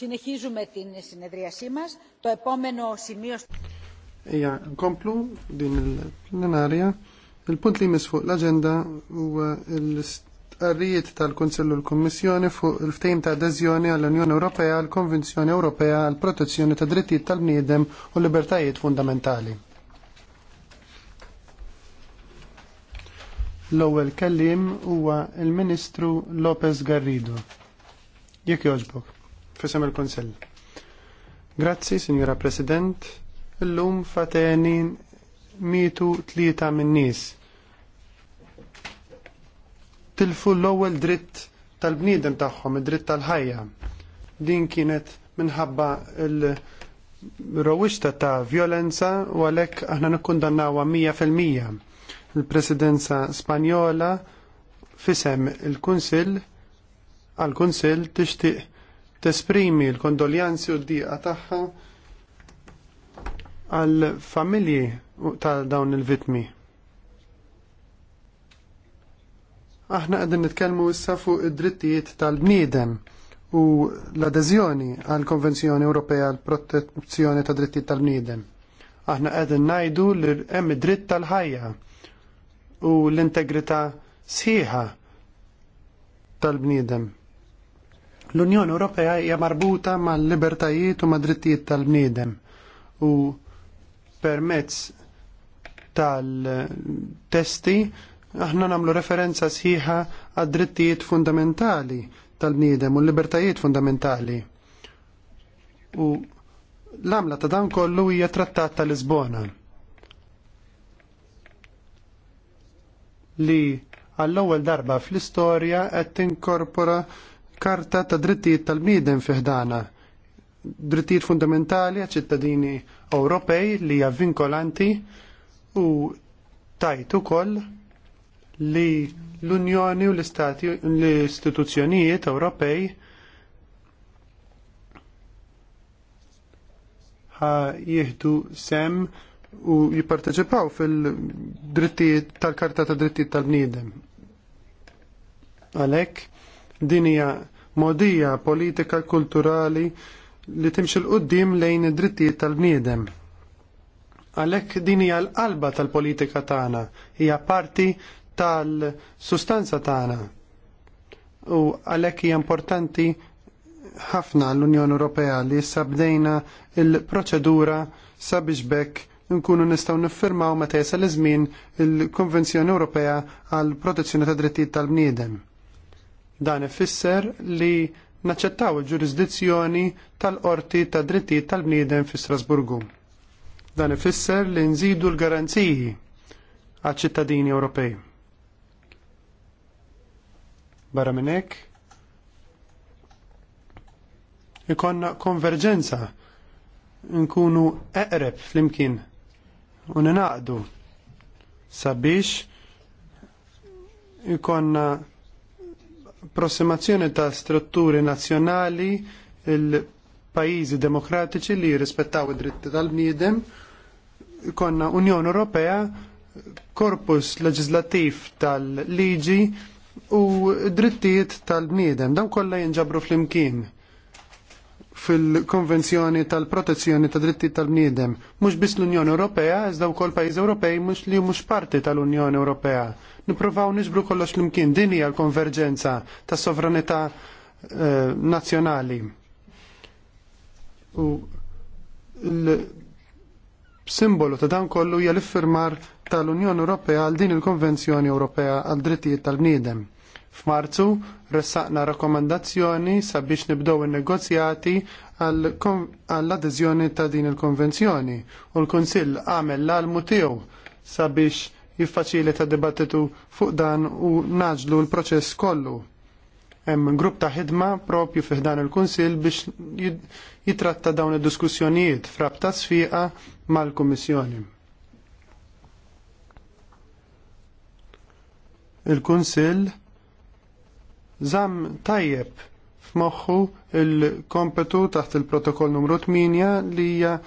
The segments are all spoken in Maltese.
Συνεχίζουμε την μας. Το επόμενο σημείο... nkomplu din il-plenarja. Il-punt li jmiss fuq l-agenda huwa l-istqarrijiet tal u l-Kommissjoni fuq il-ftejm ta' adeżjoni għall-Unjoni Ewropea għall-Konvenzjoni Ewropea għall-Protezzjoni ta' Drittijiet tal-Bniedem u l Libertajiet Fundamentali. L-ewwel kellim huwa il-Ministru Lopez Garrido. Jekk jogħġbok fisem il-Konsell. Grazzi, Signora President. Illum fateni mitu tlieta minn nies. Tilfu l-ewwel dritt tal-bniedem tagħhom, id-dritt tal-ħajja. Din kienet minħabba il-rowixta ta' violenza u għalhekk aħna nikkundannawha mija fil-mija. Il-Presidenza Spanjola fisem il-Kunsill għal-Kunsill tixtieq tesprimi l-kondoljanzi u d-diqa tagħha għal familji ta' dawn il-vitmi. Aħna qegħdin nitkellmu issa fuq id-drittijiet tal-bniedem u l-adeżjoni għal Konvenzjoni Ewropea għal Protezzjoni ta' Drittijiet tal-Bniedem. Aħna qegħdin najdu li hemm id-dritt tal-ħajja u l-integrità sħiħa tal-bniedem. L-Unjoni Ewropea hija marbuta mal-libertajiet u mad-drittijiet tal-bniedem u permezz tal-testi aħna nagħmlu referenza sħiħa għad-drittijiet fundamentali tal-bniedem u l-libertajiet fundamentali. U l-għamla ta' dan kollu hija trattat ta' Lisbona. Li għall-ewwel darba fl-istorja qed tinkorpora karta ta' drittijiet tal-bniedem fiħdana, drittijiet fundamentali għal ċittadini Ewropej li hija vinkolanti u tajt ukoll li l-Unjoni u l-Istati l-istituzzjonijiet Ewropej jieħdu sem u jipparteċipaw fil-drittijiet tal-karta ta' drittijiet tal-bniedem. Għalhekk Din hija modija politika kulturali li timx l-qoddim lejn id-drittijiet tal-bniedem. Għalhekk din hija l-qalba tal-politika tagħna, hija parti tal-sustanza tagħna. U għalhekk hija importanti ħafna l-Unjoni Ewropea li issa bdejna il-proċedura sabiex bekk nkunu nistgħu niffirmaw meta jasal iż-żmien il-Konvenzjoni Ewropea għall protezzjoni tad drittijiet tal-bniedem Dan ifisser li naċċettaw il-ġurisdizzjoni tal-qorti ta' drittijiet tal-bniedem fi Strasburgu. Dan ifisser li nżidu l-garanziji għal ċittadini Ewropej. Barra minn hekk, ikonna konverġenza nkunu eqreb flimkien u ninaqdu sabiex ikonna approssimazzjoni ta' strutturi nazjonali il-pajjiżi demokratiċi li jirrispettaw id-dritti tal-bniedem konna Unjoni Ewropea korpus leġislattiv tal-liġi u drittijiet tal-bniedem. Dan kollha jinġabru flimkien fil-Konvenzjoni tal-Protezzjoni ta' Dritti tal-Bniedem. Mhux biss l-Unjoni Ewropea, iżda wkoll pajjiż Ewropej mhux li mhux parti tal-Unjoni Ewropea. Nippruvaw niġbru kollox l-imkien din hija l-konverġenza tas sovranità eh, nazzjonali. U l-simbolu ta' dan kollu hija l-iffirmar tal-Unjoni Ewropea għal din il-Konvenzjoni Ewropea għal Drittijiet tal-Bniedem. F'Marzu ressaqna rakkomandazzjoni sabiex nibdew in-negozjati għall-adeżjoni ta' din il-konvenzjoni u l-Kunsill għamel l-almu tiegħu sabiex jiffaċilita dibattitu fuq dan u naġlu l-proċess kollu. Hemm grupp ta' ħidma propju fih dan il-Kunsill biex jitratta dawn id-diskussjonijiet ta' sfiqa mal-Kummissjoni. Il-Kunsill Zam tajjeb f'moħħu il-kompetu taħt il-protokoll numru 8 li hija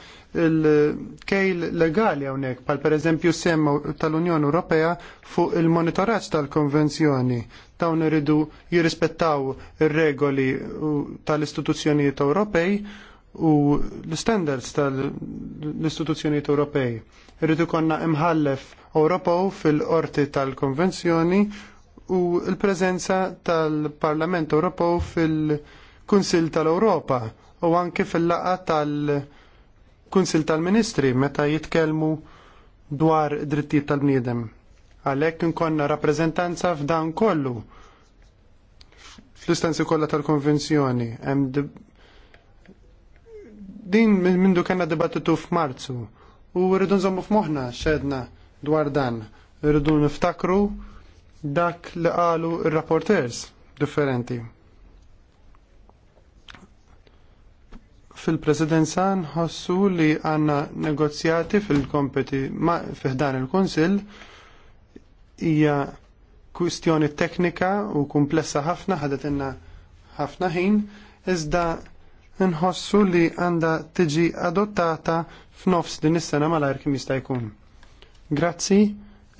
il-kejl legali hawnhekk pal pereżempju semma tal-Unjoni Ewropea fuq il-monitoraġġ tal-konvenzjoni dawn iridu jirrispettaw ir-regoli tal-istituzzjonijiet Ewropej u l-standards tal-istituzzjonijiet Ewropej. Irridu konna imħallef Ewropew fil-qorti tal-konvenzjoni u l-preżenza tal-Parlament Ewropew fil-Kunsill tal-Ewropa u anke fil-laqa tal-Kunsill tal-Ministri meta jitkellmu dwar drittijiet tal-bniedem. Għalhekk inkonna rappreżentanza f'dan kollu fl-istanzi kollha tal-konvenzjoni din mindu kena dibattitu f'Marzu u rridu nżommu f'moħħna xedna dwar dan. Rridu niftakru dak li qalu r-rapporters differenti. Fil-presidenza nħossu li għanna negozjati fil-kompeti fiħdan il-Konsil hija kwistjoni teknika u komplessa ħafna ħadet inna ħafna ħin, iżda nħossu li għanda tiġi adottata f'nofs din is-sena malajr kim jista' jkun. Grazzi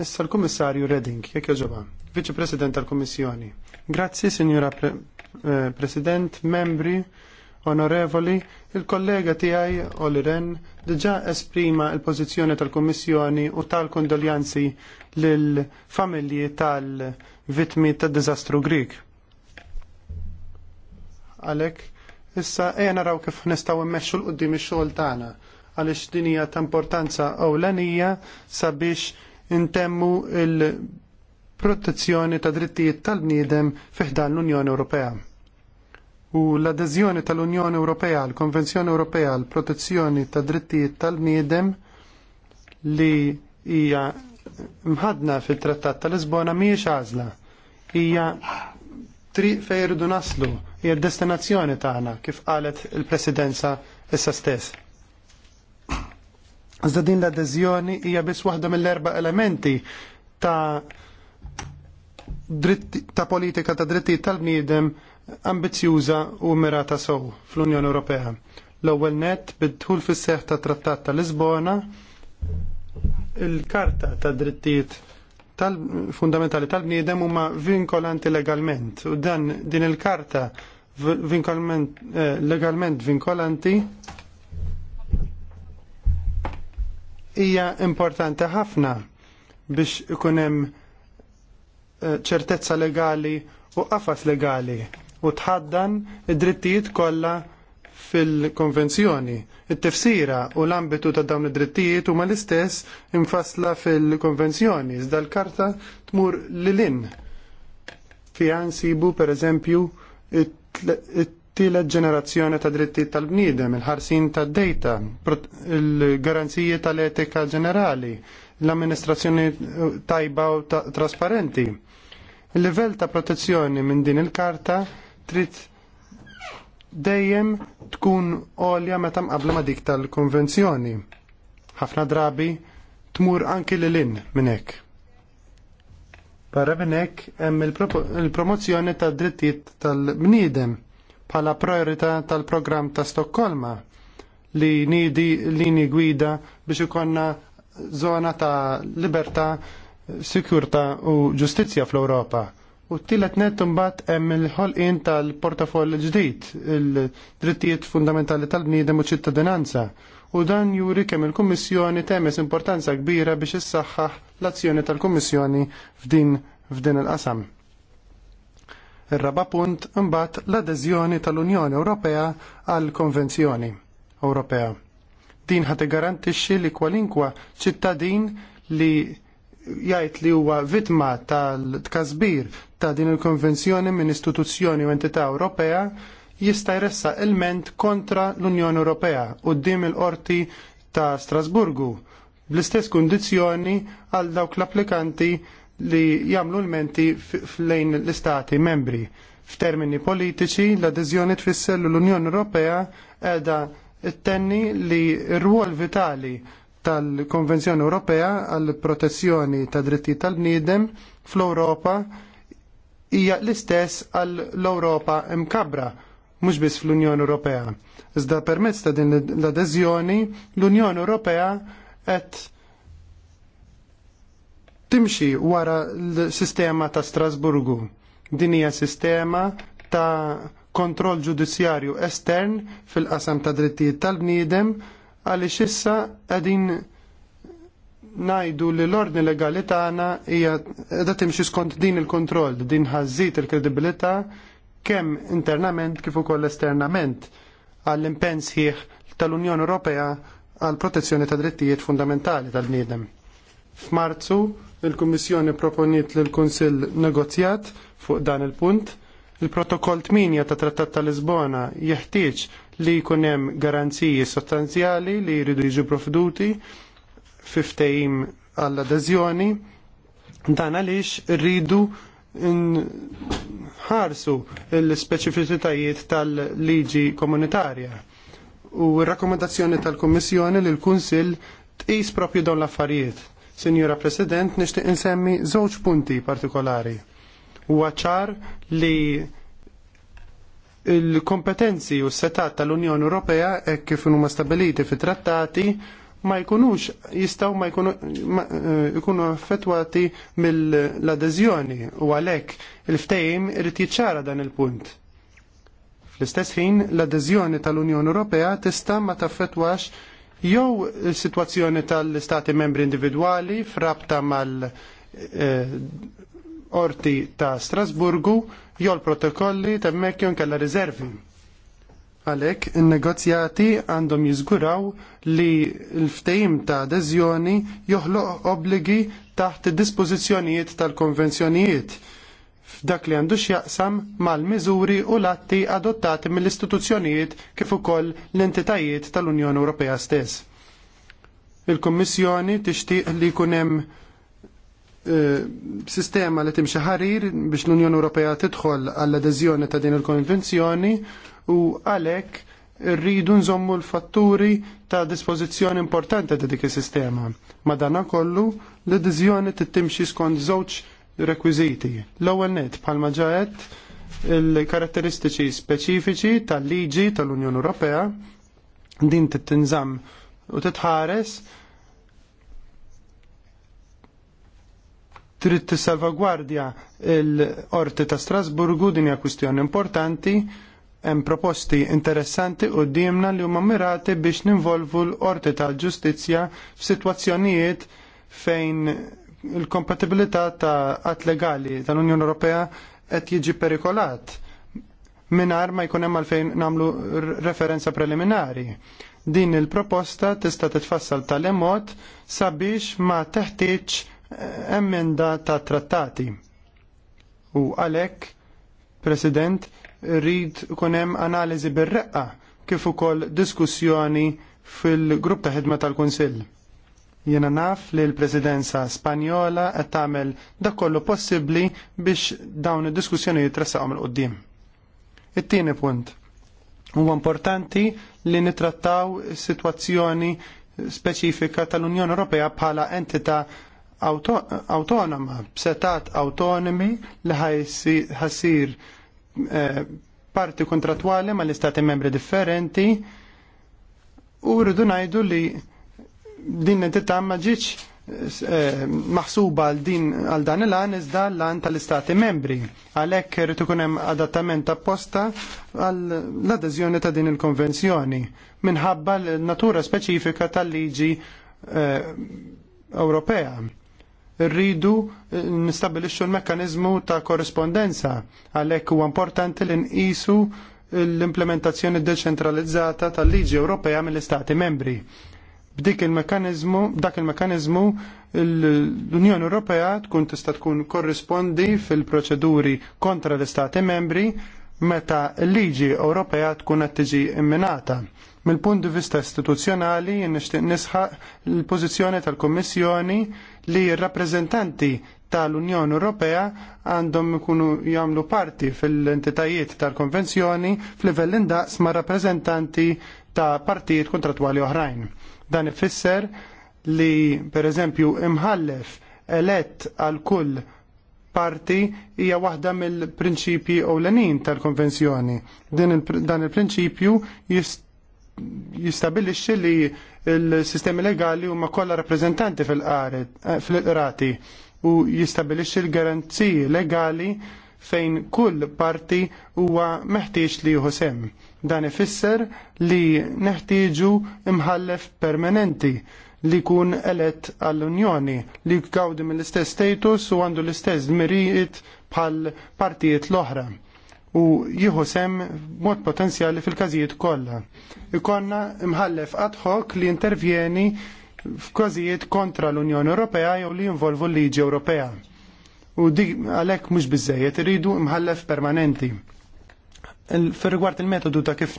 Issa l-Kummissarju Redding, jekk joġoba, Viċi President tal-Kummissjoni. Grazzi, Signora Pre eh, President, membri, onorevoli, il-kollega tiegħi Oli Ren diġà esprima l-pożizzjoni tal-Kummissjoni u tal-kondoljanzi lill-familji tal-vitmi tad-diżastru Grik. Għalhekk, issa ejja naraw kif nistgħu immexxu l-qudiem ix-xogħol tagħna għaliex din hija ta' importanza ewlenija sabiex intemmu il-protezzjoni ta' drittijiet tal-bniedem fiħdan l-Unjoni Ewropea. U l adezjoni tal-Unjoni Ewropea għall konvenzjoni Ewropea għall protezzjoni ta' drittijiet tal-bniedem li hija mħadna fil-Trattat tal-Lisbona mhijiex għażla. Hija triq fejn irridu naslu, hija d destinazzjoni tagħna kif qalet il-Presidenza issa stess. Għazda din l adezjoni hija biss waħda mill-erba' elementi ta' dritti, ta' politika ta' drittijiet tal-bniedem ambizjuża u mirata sew fl-Unjoni Ewropea. L-ewwel net bidħul fis-seħħ ta' Trattat ta' Lisbona il-karta ta' drittijiet tal-fundamentali tal-bniedem huma vinkolanti legalment u dan din il-karta vinkolment, eh, legalment vinkolanti hija importanti ħafna biex ikun hemm eh, ċertezza legali u qafas legali u tħaddan id-drittijiet kollha fil-konvenzjoni. It-tifsira u l-ambitu ta' dawn id-drittijiet huma l-istess infasla fil-konvenzjoni, iżda l-karta tmur lil-in. Fija nsibu pereżempju it tielet ġenerazzjoni ta' drittijiet tal-bniedem, il-ħarsin ta' data, il-garanziji tal-etika ġenerali, l-amministrazzjoni eh, tajba u trasparenti. Il-livell ta' protezzjoni minn din il-karta trid dejjem tkun għolja meta mqabla ma' dik tal-konvenzjoni. Ħafna drabi tmur anki l lin minn hekk. Barra minn hekk hemm il-promozzjoni tad drittijiet tal-bniedem pala priorità tal-programm ta' Stokkolma li nidi lini gwida biex ikonna zona ta' libertà, sikurta u ġustizzja fl-Ewropa. U t tillet net imbagħad hemm il-ħolqien tal-portafoll ġdid, il-drittijiet fundamentali tal bnidem u ċittadinanza. U dan juri kemm il-Kummissjoni temes importanza kbira biex issaħħaħ l-azzjoni tal-Kummissjoni f'din f'din il-qasam. Ir-raba punt imbagħad l-adeżjoni tal-Unjoni Ewropea għall konvenzjoni Ewropea. Din ħad garantixxi li kwalinkwa ċittadin li jgħid li huwa vittma tal tkażbir ta' din il-konvenzjoni minn istituzzjoni u entità Ewropea jista' jressa ilment kontra l-Unjoni Ewropea quddiem il-qorti ta' Strasburgu bl-istess kundizzjoni għal dawk l-applikanti li jagħmlu l-menti lejn l-istati membri. F'termini politiċi, l-adeżjoni tfisser l unjoni Ewropea qiegħda tenni li r ruol vitali tal-Konvenzjoni Ewropea għall protezzjoni ta' dritti tal-bniedem fl-Ewropa hija l-istess għall-Ewropa imkabra mhux biss fl-Unjoni Ewropea. Iżda permezz ta' din l-adeżjoni, l-Unjoni Ewropea qed timxi wara l-sistema ta' Strasburgu. Din hija sistema ta' kontroll ġudizzjarju estern fil-qasam ta' drittijiet tal-bniedem għaliex issa qegħdin najdu li l-ordni legali tagħna hija qiegħda timxi skont din il-kontroll, din ħażit il-kredibilità kemm internament kif ukoll esternament għall-impenn sħiħ tal-Unjoni Ewropea għall protezzjoni ta' drittijiet fundamentali tal-bniedem. F'Marzu il-Kummissjoni proponiet l kunsill negozjat fuq dan il-punt. Il-protokoll 8 ta' Trattat ta' Lisbona jeħtieġ li jkun hemm garanziji sostanzjali li jridu jiġu profduti fiftejim għall-adeżjoni. Dan għaliex rridu nħarsu l-speċifiċitajiet tal-liġi komunitarja. U r rakkomandazzjoni tal-Kummissjoni li l-Kunsill tqis propju dawn l-affarijiet Signora President, nixtieq insemmi żewġ punti partikolari. Huwa ċar li il-kompetenzi u s-setat tal-Unjoni Ewropea hekk kif huma stabiliti fi trattati ma jkunux jistaw ma jkunu affettwati eh, mill-adeżjoni u għalhekk il ftejim irid jiċċara dan il-punt. Fl-istess ħin l adezjoni tal-Unjoni Ewropea tista' ma taffettwax jew is-sitwazzjoni tal-istati membri individwali frabta mal eh, orti ta' Strasburgu jew l-protokolli ta' jew kalla riservi. Għalek, il-negozjati għandhom jizguraw li l-ftejim ta' adeżjoni joħloq obligi taħt dispożizzjonijiet tal-konvenzjonijiet f'dak li għandu x'jaqsam mal-miżuri u l-atti adottati mill-istituzzjonijiet kif ukoll l-entitajiet tal-Unjoni Ewropea stess. Il-Kummissjoni tixtieq li jkun hemm eh, sistema li timxi ħarir biex l-Unjoni Ewropea tidħol għall-adeżjoni ta' din il-konvenzjoni u għalhekk rridu nżommu l-fatturi ta' dispożizzjoni importanti ta' dik is-sistema. Madana kollu l adeżjoni tittimxi skont żewġ rekwiżiti. L-ewwel nett bħalma ġaet il-karatteristiċi speċifiċi tal-liġi tal-Unjoni Ewropea din tittinżamm u titħares trid tissalvagwardja l-Qorti ta' Strasburgu din hija kwistjoni importanti hemm proposti interessanti qudiemna li huma mirati biex ninvolvu l-Qorti tal-Ġustizzja f'sitwazzjonijiet fejn il-kompatibilità ta' att legali tal-Unjoni Ewropea qed jiġi perikolat mingħajr ma jkun hemm għalfejn nagħmlu referenza preliminari. Din il-proposta tista' titfassal tal-emot sabiex ma teħtieġ eh, emenda ta' trattati. U għalhekk, President, rrid hemm analiżi bir-reqqa kif ukoll diskussjoni fil-grupp ta' ħidma tal-Kunsill. Jena naf li l-Presidenza Spanjola qed tagħmel dak kollu possibbli biex dawn id-diskussjonijiet tressaqhom il qudiem It-tieni punt. Huwa importanti li nitrattaw is-sitwazzjoni speċifika tal-Unjoni Ewropea bħala entità autonoma, b'setat autonomi li ħassir eh, parti kontratwali ma l-istati membri differenti u rridu ngħidu li din l-entità ma ġietx eh, maħsuba għal din għal dan il-għan iżda l-għan tal-istati membri. Għalek irid ikun hemm adattament apposta għal adeżjoni ta' din il-konvenzjoni minħabba l-natura speċifika tal-liġi eh, Ewropea. Rridu eh, nistabilixxu l-mekkaniżmu ta' korrispondenza għalhekk huwa importanti li nqisu l-implementazzjoni deċentralizzata tal-liġi Ewropea mill-istati membri. B'dik il-mekanizmu, b'dak il-mekanizmu l-Unjoni Ewropea tkun tista' tkun korrispondi fil-proċeduri kontra l-Istati membri meta l-liġi Ewropea tkun qed tiġi imminata. Mill-punt di vista istituzzjonali nixtieq nisħaq l-pożizzjoni tal-Kummissjoni li r-rappreżentanti tal-Unjoni Ewropea għandhom ikunu jagħmlu parti fil-entitajiet tal-konvenzjoni f'livell indaqs ma' rappreżentanti ta' partijiet kontratwali oħrajn. Dan ifisser li pereżempju imħallef elett għal kull parti hija waħda mill-prinċipji ewlenin tal-konvenzjoni. Dan il-prinċipju jistabilixxi li l-sistemi legali huma kollha rappreżentanti fil-qrati eh, u jistabilixxi l-garanziji legali fejn kull parti huwa meħtieġ li jieħu sehem. Dan ifisser li neħtieġu imħallef permanenti li kun elett għall-Unjoni li gawdi mill-istess status u għandu l-istess dmirijiet bħal partijiet l-oħra u jieħu sem mod potenzjali fil-każijiet kollha. Ikonna imħallef ad hoc li intervjeni f'każijiet kontra l-Unjoni Ewropea jew li jinvolvu l-liġi Ewropea. U dik għalhekk mhux biżejjed iridu imħallef permanenti fir rigward il-metodu ta' kif,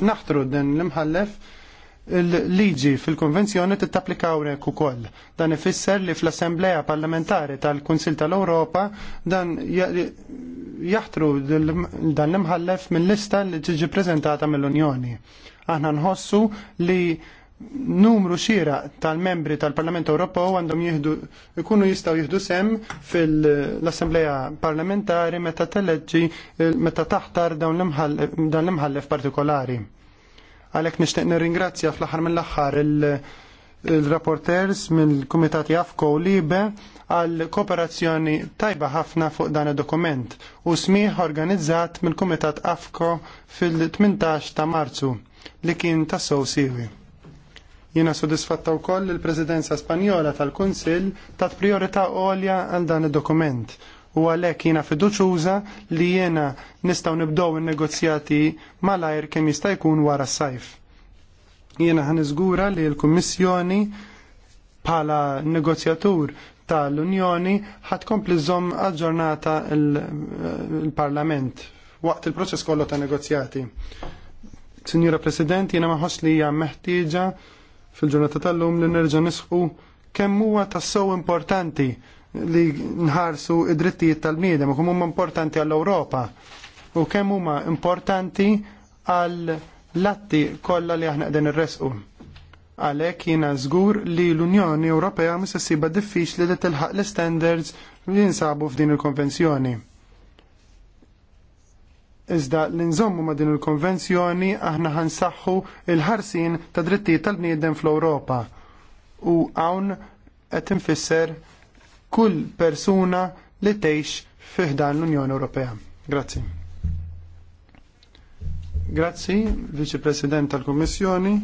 naħtru din l-imħallef, il liġi fil-konvenzjoni tittapplika rek ukoll. Dan ifisser li fl-Assembleja Parlamentari tal-Kunsil tal-Ewropa dan jaħtru dan l-imħallef mill lista li tiġi preżentata mill-Unjoni. Aħna nħossu li numru xira tal-membri tal-Parlament Ewropew għandhom jihdu ikunu jistgħu jieħdu sem fil-Assembleja Parlamentari meta teleġġi meta taħtar dawn l-imħallef partikolari. Għalhekk nixtieq nirringrazzja fl-aħħar mill-aħħar il-rapporters mill-Kumitati Afko u Libe għal kooperazzjoni tajba ħafna fuq dan id-dokument u smieħ organizzat mill-Kumitat Afko fil-18 ta' Marzu li kien tassew siwi. Jiena sodisfatta wkoll il-Presidenza Spanjola tal-Kunsill tat priorità għolja għal dan id-dokument u għalhekk jiena fiduċuża li jiena nistgħu nibdew il negozjati malajr kemm jista' jkun wara s-sajf. Jiena għan li l-Kummissjoni bħala negozjatur tal-Unjoni ħatkompli żomm aġġornata il-Parlament waqt il-proċess kollu ta' negozjati. Signora President, jiena maħos li hija meħtieġa fil-ġurnata tal-lum li nerġa' nisħu kemm huwa tassew importanti li nħarsu id-drittijiet tal-bniedem u kemm huma importanti għall-Ewropa u kemm huma importanti għall latti kollha li aħna qegħdin irresqu. Għalhekk jiena żgur li l-Unjoni Ewropea mis issiba diffiċli li tilħaq l-standards li jinsabu f'din il-konvenzjoni. Iżda l-inżommu ma' din il-konvenzjoni aħna ħansaħħu il-ħarsin ta' drittijiet tal-bniedem fl-Ewropa. U hawn qed infisser kull persuna li tgħix fiħdan l-Unjoni Ewropea. Grazzi. Grazzi, Viċi President tal-Kummissjoni.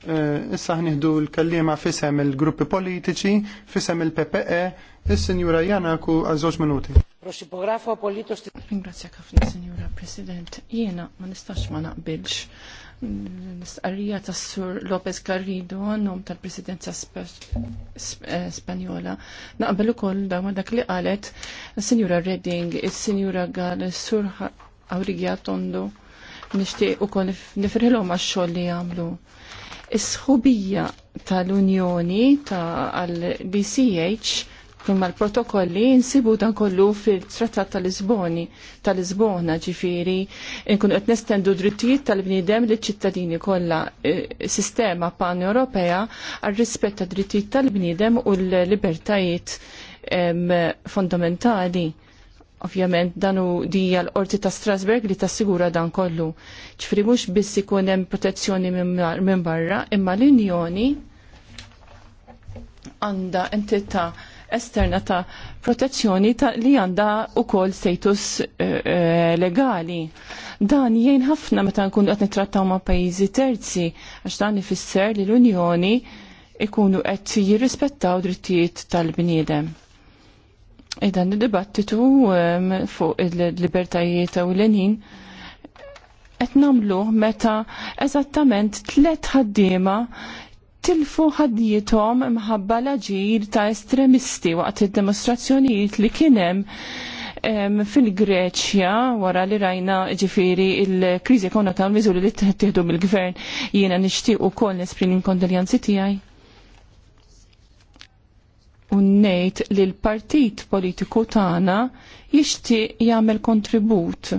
Eh, issa ħniħdu l-kallima fisem il-gruppi politiċi, fisem il-PPE, is-Sinjura Janaku għal żewġ minuti. Προσυπογράφω απολύτω την. ħafna, Signora President. Jena, ma nistax ma naqbilx l ta' tas Sur Lopez Garrido nom tal-Presidenza eh, Spanjola. Naqbel ukoll da ma dak li qalet Signora Redding, is-Signora Gall, Sur Aurigia Tondo. Nixtieq ukoll nifirħilhom għax-xogħol li għamlu. is tal-Unjoni ta' għal BCH imma l-protokolli insibu dan kollu fil-trattat tal-Lisboni, tal-Lisbona ġifiri, nkunu qed nestendu drittijiet tal-bniedem li ċittadini kollha e, sistema pan-Ewropea għal rispett ta' drittijiet tal-bniedem u l-libertajiet fondamentali. Ovvjament dan u dija l-qorti ta' Strasberg li tassigura dan kollu. ċifri mhux biss ikun hemm protezzjoni minn barra, imma l-Unjoni għandha entità' esterna ta' protezzjoni ta' li għanda u kol status eh, eh, legali. Dan jien ħafna meta nkun qed nittrattaw ma' pajjiżi terzi għax dan ifisser li l-Unjoni ikunu qed jirrispettaw drittijiet tal-bniedem. Idan id-dibattitu fuq il-libertajiet u l-enin qed nagħmluh meta eżattament tliet ħaddiema tilfu ħadnietom mħabba l-aġir ta' estremisti waqt id-demonstrazzjonijiet li kienem fil-Greċja wara li rajna ġifiri il-krizi ekonomika ta' l-miżuri li tieħdu mill-gvern jiena nixtieq ukoll nesprim kondoljanzi tiegħi. U ngħid li l-partit politiku tagħna jixtieq jagħmel kontribut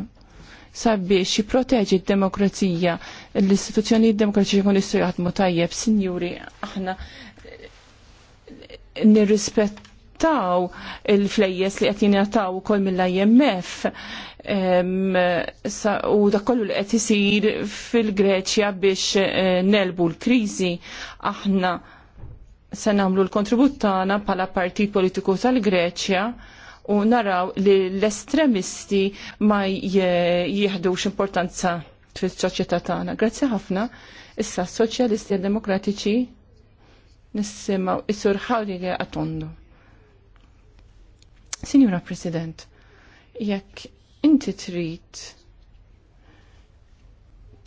sabiex jiproteġi d-demokrazija, l-istituzzjoni demokratiċi kun jistgħu jaħdmu tajjeb, sinjuri, aħna nirrispettaw il-flejjes li qed għataw ukoll mill-IMF u da kollu li qed isir fil-Greċja biex eh, nelbu l-kriżi aħna se nagħmlu l-kontribut tagħna bħala partit politiku tal-Greċja u naraw li l-estremisti ma jieħdux importanza fil-soċjetà tagħna. Grazzi ħafna. Issa soċjalisti demokratiċi nissimaw is-sur li għatondu. Signora President, jekk inti trid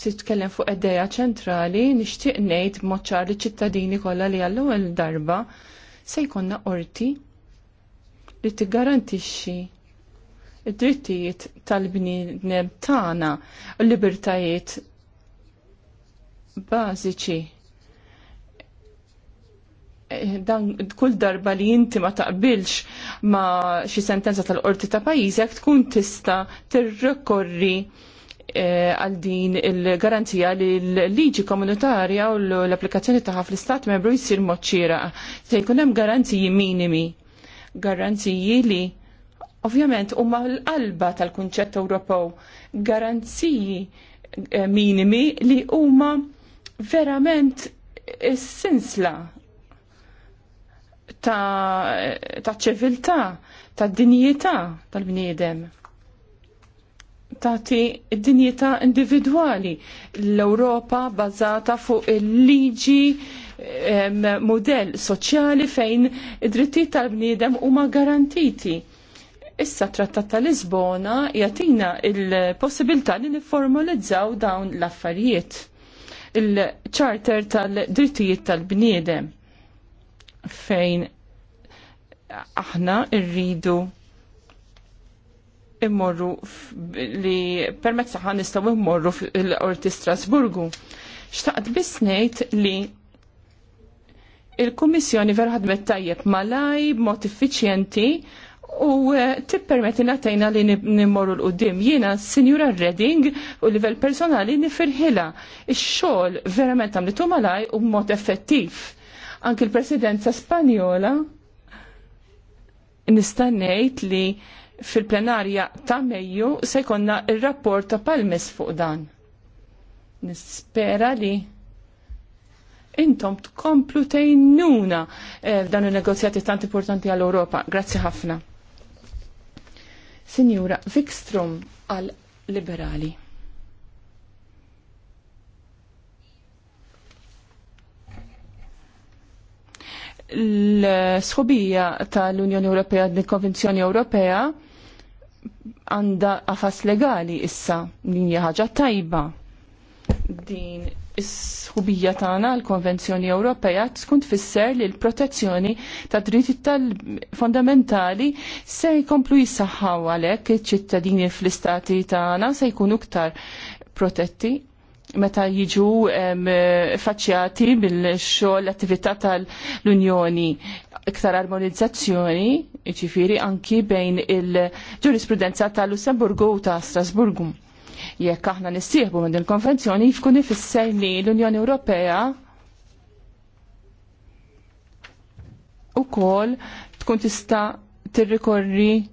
titkellem fuq id ċentrali, nixtieq ngħid moċċar li ċittadini kollha li għall-ewwel darba se jkollna qorti li tiggarantixxi id-drittijiet tal-bniedem tagħna, l-libertajiet bażiċi. Eh, dan kull darba li inti ma taqbilx ma xi sentenza tal-qorti ta' pajjiżek tkun tista' tirrekorri eh, għal din il-garanzija li l-liġi komunitarja u l-applikazzjoni taħħa fl-istat membru jisir moċċira. Se jkun hemm garanziji minimi garanziji li ovvjament huma l-qalba tal-kunċett Ewropew, garanziji eh, minimi li huma verament is-sinsla ta' ċiviltà, ta' dinjità tal-bniedem. Ta tati dinjità individwali. L-Europa bazata fuq il-liġi model soċjali fejn id-drittijiet tal-bniedem huma garantiti. Issa trattat ta' Lisbona jatina il-possibilità li niformalizzaw dawn l-affarijiet. Il-charter tal-drittijiet tal-bniedem fejn aħna irridu immorru li permezz taħħa nistgħu immorru fil-Qorti Strasburgu. Xtaqt biss ngħid li il-Kummissjoni vera ħadmet tajjeb malaj b'mod effiċjenti u eh, tippermetti natajna li nimmorru l-qoddim. Jiena Sinjura Redding u livell personali nifirħila. Ix-xogħol verament għamlitu malaj u b'mod effettiv. Anki l-Presidenza Spanjola nista' ngħid li fil-plenarja ta' Mejju se jkollna r rapport ta' Palmes fuq dan. Nispera li intom tkomplu tejnuna eh, f'dan il-negozjati tant importanti għall europa Grazzi ħafna. Sinjura Vikstrom għal liberali. l-sħubija tal-Unjoni Ewropea l-Konvenzjoni Ewropea għanda għafas legali issa din hija ħaġa tajba. Din is-sħubija tagħna l-Konvenzjoni Ewropea tkun tfisser li l-protezzjoni ta' dritti tal-fondamentali se jkomplu jissaħħaw għalhekk iċ-ċittadini fl-istati tagħna se jkunu iktar protetti meta jiġu faċċjati mill xogħol l-attività tal-Unjoni iktar armonizzazzjoni, jiġifieri anki bejn il-ġurisprudenza tal-Lussemburgu u ta' Strasburgu. Jekk aħna nissieħbu minn din konvenzjoni jkun ifisser li l-Unjoni Ewropea ukoll tkun tista' tirrikorri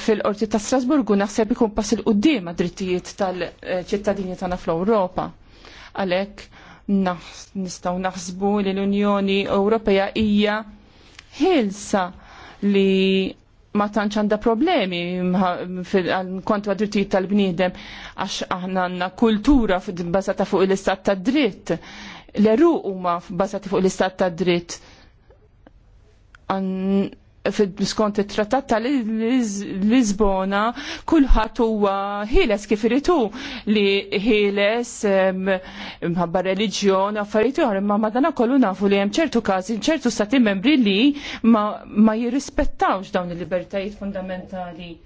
fil-qorti ta' Strasburgu naħseb ikun pass il-qoddim drittijiet tal-ċittadini tagħna fl-Ewropa. Għalhekk nistgħu naħsbu li l-Unjoni Ewropea hija ħilsa li ma tantx għandha problemi kontu għad-drittijiet tal-bniedem għax aħna għandna kultura bbażata fuq l-istat ta' dritt. L-eru huma bbażati fuq l-istat ta' dritt skont it-trattat ta' Lisbona kulħadd huwa ħieles kif iritu li ħiles mħabba reliġjon affarijiet oħra imma madanakollu nafu li hemm ċertu każi ċertu stati membri li ma jirrispettawx dawn il-libertajiet fundamentali.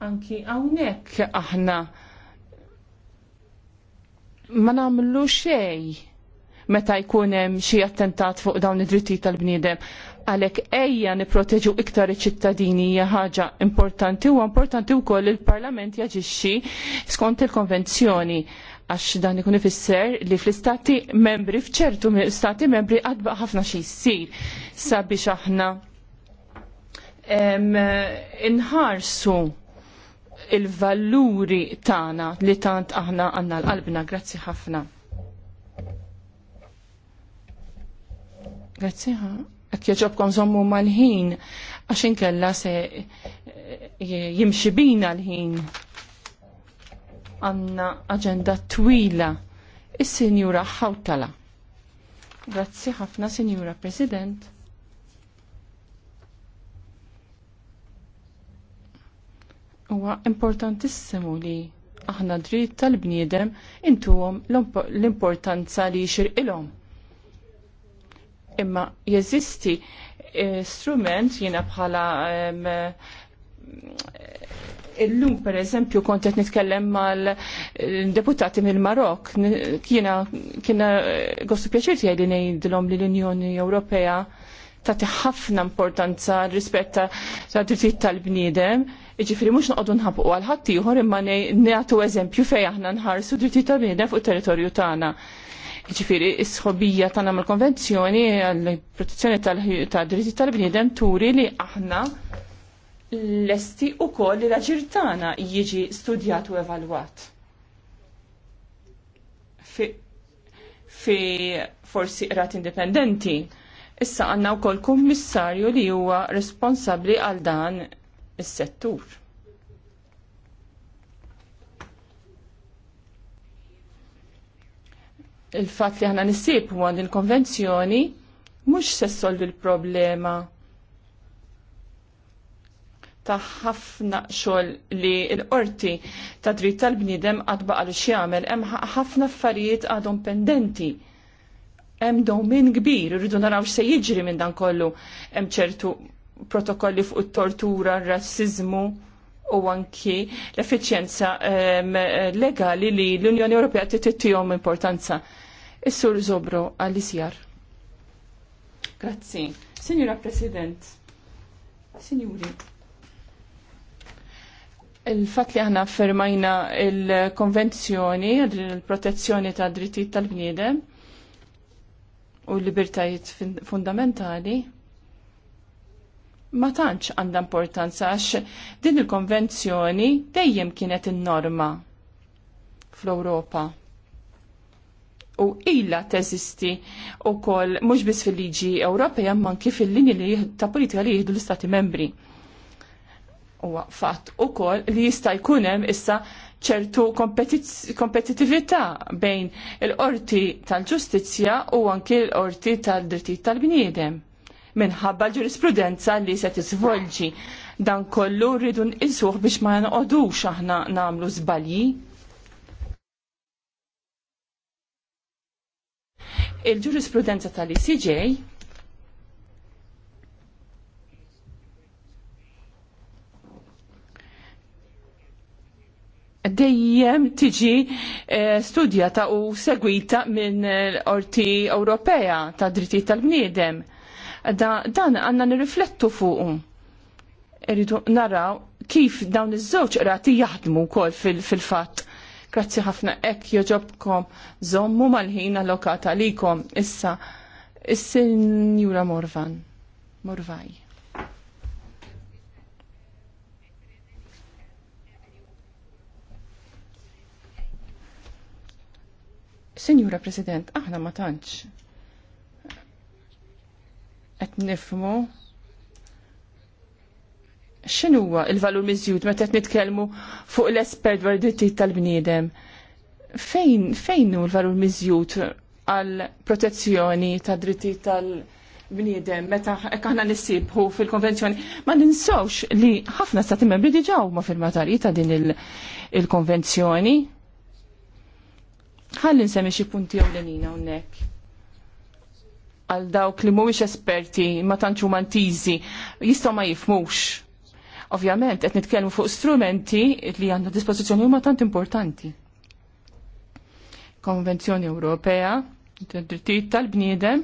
Anki hawnhekk aħna ma nagħmlu xejn meta jkun hemm xi attentat fuq dawn id-drittijiet tal-bniedem. Għalhekk ejja nipproteġu iktar iċ-ċittadini hija ħaġa importanti u importanti wkoll il-Parlament jaġixxi skont il-konvenzjoni għax dan ikun ifisser li fl-istati membri fċertu stati membri għadba ħafna xi jsir sabiex aħna inħarsu il-valuri tagħna li tant aħna għandna l-qalbna. Grazzi ħafna. Grazzi ħafna qed jogħġobkom żommu mal-ħin għax inkella se eh, jimxi bina l-ħin. Għanna aġenda twila il sinjura Hawtala. Grazzi ħafna, senjura President. Huwa importantissimu li aħna dritt tal-bniedem intuhom l-importanza li xirqilhom Imma jeżisti eh, strument jiena bħala eh, illum per eżempju kontet nitkellem mal-deputati mill-Marok, kiena kiena eh, gostu pjaċir tiegħi li ngħidilhom li l-Unjoni Ewropea tagħti ħafna importanza rispett ta' drittijiet tal-bniedem, jiġifieri mhux noqogħdu nħabqu għal ħadd ieħor imma ngħatu eżempju fejn aħna nħarsu drittijiet tal-bniedem fuq it-territorju tagħna. Ġifiri, is-sħobija ta' namel konvenzjoni għall-protezzjoni tad-dritti tal-bniedem turi li aħna lesti u koll li l jieġi studjat u evalwat. Fi, fi forsi qrat indipendenti. Issa għanna u koll kummissarju li huwa responsabli għal dan is-settur. il-fat li ħana nisib u għand il-konvenzjoni mux se solvi l-problema ta' ħafna xogħol li l-qorti ta' dritt tal-bniedem għad baqalu xiamel, hemm ħafna affarijiet għadhom pendenti hemm domin kbir, irridu naraw x'se jiġri minn dan kollu. Hemm ċertu protokolli fuq it-tortura, r-rassiżmu u anki l-effiċjenza ehm, legali li l-Unjoni Ewropea tittittihom importanza. Is-sur Zobro għal isjar Grazzi. Signora President, Signori, il-fat li għana affermajna il-konvenzjoni, il-protezzjoni ta' drittijiet tal-bniedem u l-libertajiet fundamentali, ma tantx għandha importanza għax din il-konvenzjoni dejjem kienet in-norma fl-Ewropa u illa teżisti u kol mux bis fil-liġi Ewropeja kif fil-linji li ta' politika li jihdu l-Istati membri. U fatt u kol li jista' jkunem issa ċertu kompetitivita bejn il-qorti tal-ġustizja u anki l-qorti tal-drittijiet tal-bniedem minħabba l-ġurisprudenza li se tisvolġi dan kollu rridu nqisuh biex ma nqodux aħna namlu żbalji il-ġurisprudenza tal-ICJ dejjem tiġi eh, studjata u segwita minn orti Ewropea ta' dritti tal-bniedem. dan għanna nirriflettu fuq. Irridu naraw kif dawn iż-żewġ rati jaħdmu wkoll fil-fatt. Fil Grazzi ħafna ek joġobkom zommu mal ħina allokata likom issa is-Sinjura Morvan. Morvaj. Sinjura President, aħna ma tantx Et nifmu x'inhuwa il-valur miżjud meta qed nitkellmu fuq l-espert dwar id-drittijiet tal-bniedem? Fejn fejn hu l-valur miżjud għal protezzjoni tad drittijiet tal-bniedem? meta aħna nisibħu fil-konvenzjoni. Ma ninsawx li ħafna stati membri diġaw ma firmatari ta' din il-konvenzjoni. Ħalli nsemmi xi punti l-nina hawnhekk għal dawk li mhuwiex esperti ma tanċu mantiżi jistgħu ma jifmux Ovvjament, qed nitkellmu fuq strumenti li għandna dispożizzjoni huma tant importanti. Konvenzjoni Ewropea, drittijiet tal-bniedem,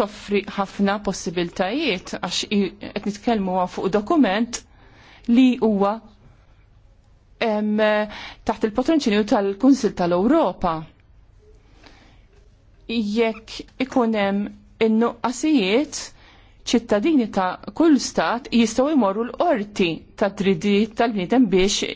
toffri ħafna possibiltajiet għax qed nitkellmu fuq dokument li huwa taħt il-patronċinju tal-Kunsil tal-Ewropa. Jekk ikun hemm in-nuqqasijiet ċittadini ta' kull stat jistgħu jmorru l-qorti ta' tridiet tal-bniedem biex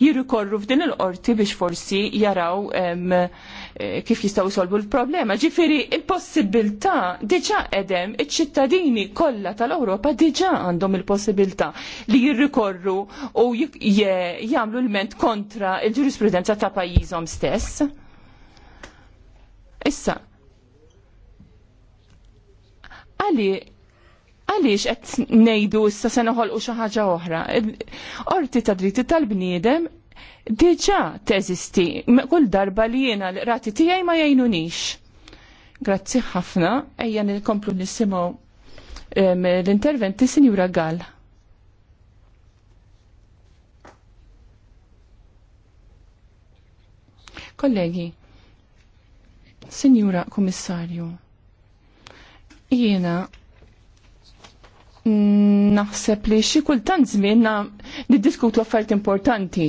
jirrikorru f'din il-qorti biex forsi jaraw em, eh, kif jistgħu jsolvu l-problema. Ġifieri il possibilta diġa' edem iċ-ċittadini kollha tal-Ewropa diġà għandhom il-possibilità li jirrikorru u jagħmlu l-ment kontra il-ġurisprudenza ta' pajjiżhom stess. Issa, għali għaliex qed ngħidu issa se noħolqu xi ħaġa oħra. Orti ta' dritti tal-bniedem diġà teżisti kull darba li jiena l-rati tiegħi ma jgħinunix. Grazzi ħafna, ejja komplu nisimgħu l-interventi Sinjura Gall. Kollegi, Sinjura komissarju, jiena naħseb li xi kultant żmien niddiskutu affarijiet importanti.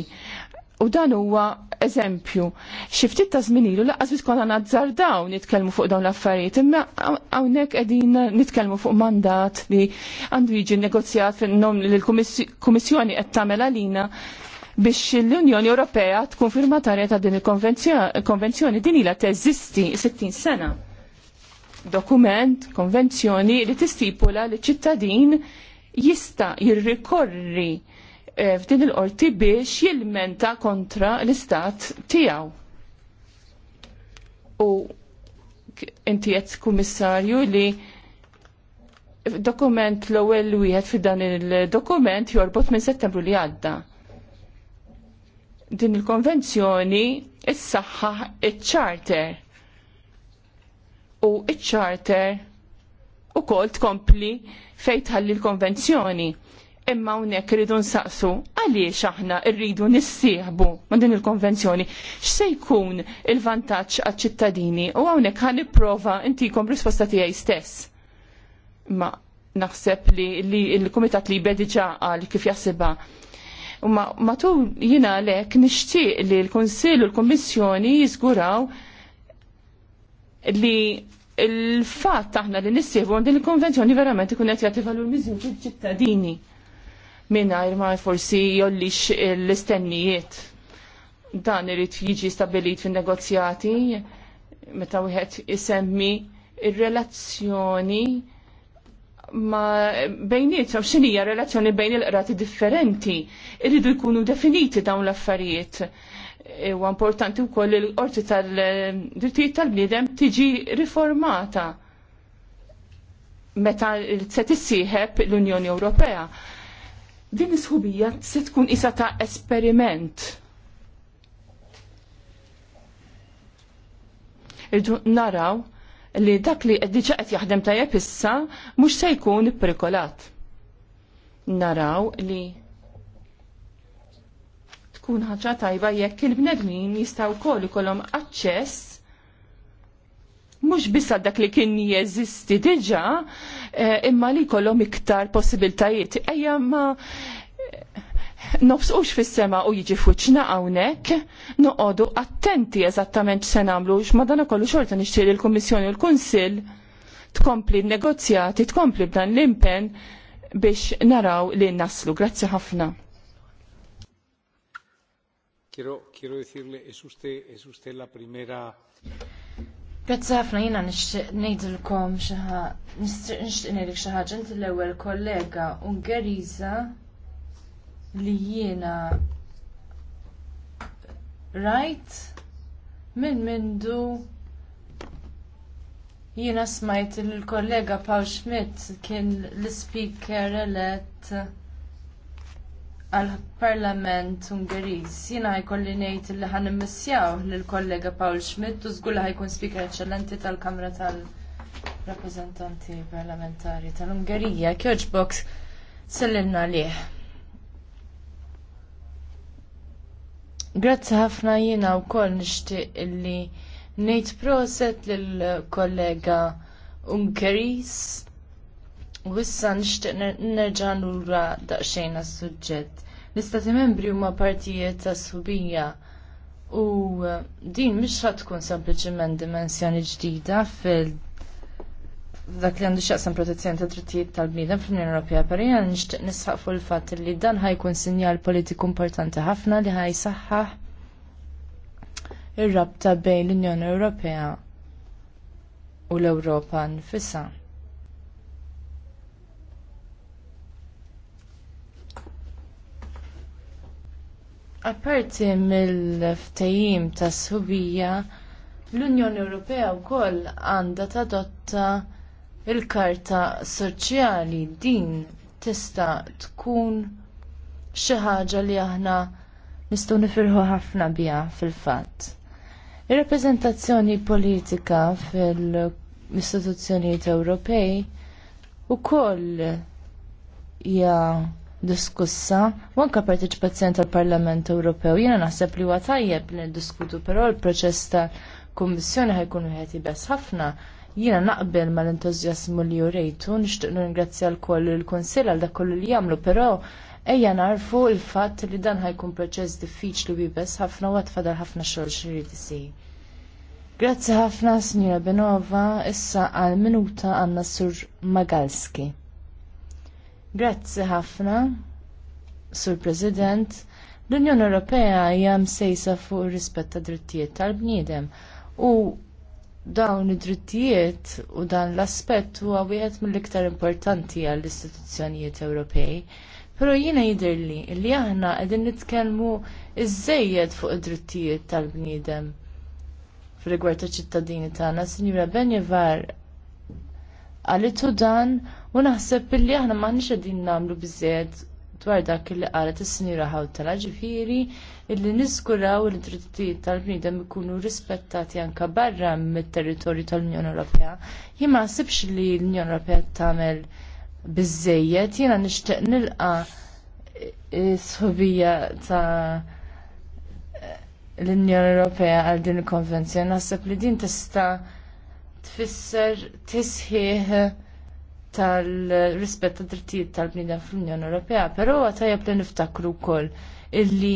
U dan huwa eżempju, xi ftit ta' żmien ilu laqas biss konna nazzardaw nitkellmu fuq dawn l-affarijiet, imma hawnhekk qegħdin nitkellmu fuq mandat li għandu jiġi negozjat fin-nom li l-Kummissjoni qed tagħmel għalina biex l-Unjoni Ewropea tkun firmatarja ta' din il-konvenzjoni din ilha teżisti 60 sena dokument, konvenzjoni li tistipula li ċittadin jista jirrikorri eh, f'din il-qorti biex jilmenta kontra l-istat tiegħu. U inti jett kummissarju li dokument l-ewwel wieħed f'dan il-dokument jorbot minn Settembru li għadda. Din il-konvenzjoni issaħħaħ iċ-charter u iċ-charter u kol tkompli fej tħalli l-konvenzjoni. Imma unek rridu nsaqsu għaliex aħna rridu nissieħbu ma' din il-konvenzjoni x'se jkun il-vantaġġ għaċ-ċittadini u hawnhekk ħan nipprova intikom risposta tiegħi stess. Ma naħseb li, l-Kumitat li bediġa għal kif jasiba U matul jina lek nixtieq li l-Konsil u l-Kommissjoni jiżguraw li il-fat taħna li nissieħbu għandin il-konvenzjoni verament ikun qed jagħti valur mizzin ċittadini minna ma forsi jollix l-istennijiet. Dan irid jiġi stabilit fin-negozjati meta wieħed isemmi il relazzjoni ma bejniet, xinija relazzjoni bejn il-qrati differenti, irridu jkunu definiti dawn l-affarijiet huwa importanti wkoll il-qorti tal-drittijiet tal-bniedem tiġi riformata meta se tissieħeb l-Unjoni Ewropea. Din is-sħubija se tkun isa ta' esperiment. Irdu naraw li dak li diġa qed jaħdem tajjeb issa mhux se jkun ipprikolat. Naraw li tkun ħaġa tajba jekk il-bnedmin jistgħu wkoll ikollhom aċċess mhux biss dak li kien jeżisti diġà, eh, imma li jkollhom iktar possibiltajiet. Ejja ma eh, ux fis-sema u jiġi fuċna hawnhekk, noqogħdu attenti eżattament se nagħmlu x'madana kollu xorta nixtieq il-Kummissjoni u l-Kunsill tkompli negozjati, tkompli b'dan l-impen biex naraw li naslu. Grazzi ħafna. Quiero, quiero decirle, es usted, es usted la primera... Grazie ħafna jina nixtieq ngħidilkom xi nixtieq ngħidlek xi ħaġa inti l-ewwel kollega Ungerisa li jiena rajt minn mindu jiena smajt il-kollega Paul Schmidt kien l-speaker elett għal-Parlament Ungeriż. Jiena jkolli ngħid li ħan immissjaw lill-kollega Paul Schmidt u żgur li ħajkun speaker eċċellenti tal-Kamra tal-Rappreżentanti Parlamentari tal-Ungerija. box sellilna liħ. Grazzi ħafna jiena wkoll nixtieq illi ngħid proset lill-kollega Ungeriż U issa nixtieq nerġa' lura daqsxejn għas-suġġett. L-istati membri huma partijiet ta' subija u eh, din mhix ħadd tkun sempliċement dimensjoni ġdida fil dak li għandu xaqsam protezzjoni ta' drittijiet tal-bniedem fl-Unjoni Ewropea, per jgħan nixtieq nisħaq fuq il-fatt li dan ħajkun sinjal politiku importanti ħafna li ħajsaħħaħ ir-rabta bejn l-Unjoni Ewropea u l-Ewropa nfisha. Apparti mill-ftajim ta' subija, l-Unjoni Ewropea wkoll għandha tadotta l karta soċjali din tista' tkun xi ħaġa li aħna nistgħu nifirħu ħafna biha fil-fatt. Ir-rappreżentazzjoni politika fil-istituzzjonijiet Ewropej ukoll hija diskussa u anke parteċipazzjoni tal-Parlament Ewropew. Jiena naħseb li huwa tajjeb li niddiskutu, però l-proċess ta' kummissjoni ħajkun wieħed ibes ħafna. Jiena naqbel mal-entużjasmu li jurejtu, nixtieq ningrazzja lkoll il-Kunsill għal dak kollu li jagħmlu, però ejja narfu l-fatt li dan ħajkun proċess diffiċli u ħafna u għatfadal ħafna xogħol xirrid isir. Grazzi ħafna, Signora Benova, issa għal minuta għanna Sur Magalski. Grazzi ħafna, Sur President. L-Unjoni Ewropea hija msejsa fuq ir-rispett ta' drittijiet tal-bniedem u dawn id-drittijiet u dan l-aspett huwa wieħed mill-iktar importanti għall istituzzjonijiet Ewropej. Però jiena jidhirli li aħna qegħdin nitkellmu iżejjed fuq id-drittijiet tal-bniedem fil-rigward ċittadini tagħna, Sinjura Benjevar għalitu dan u naħseb illi aħna m'aħniex qegħdin nagħmlu biżżejjed dwar dak li qalet is-sinjura Hawtala ġifieri illi niskuraw li drittijiet tal-bniedem ikunu rispettati anke barra mit-territorju tal-Unjoni Ewropea. Jien ma naħsibx li l-Unjoni Ewropea tagħmel biżejjed, jiena nixtieq nilqa sħobija ta' l-Unjoni Ewropea għal din il-konvenzjoni naħseb li din tista' tfisser tisħiħ tal-rispett ta' drittijiet tal-bniedem fl-Unjoni Ewropea, però tajjeb li niftakru wkoll illi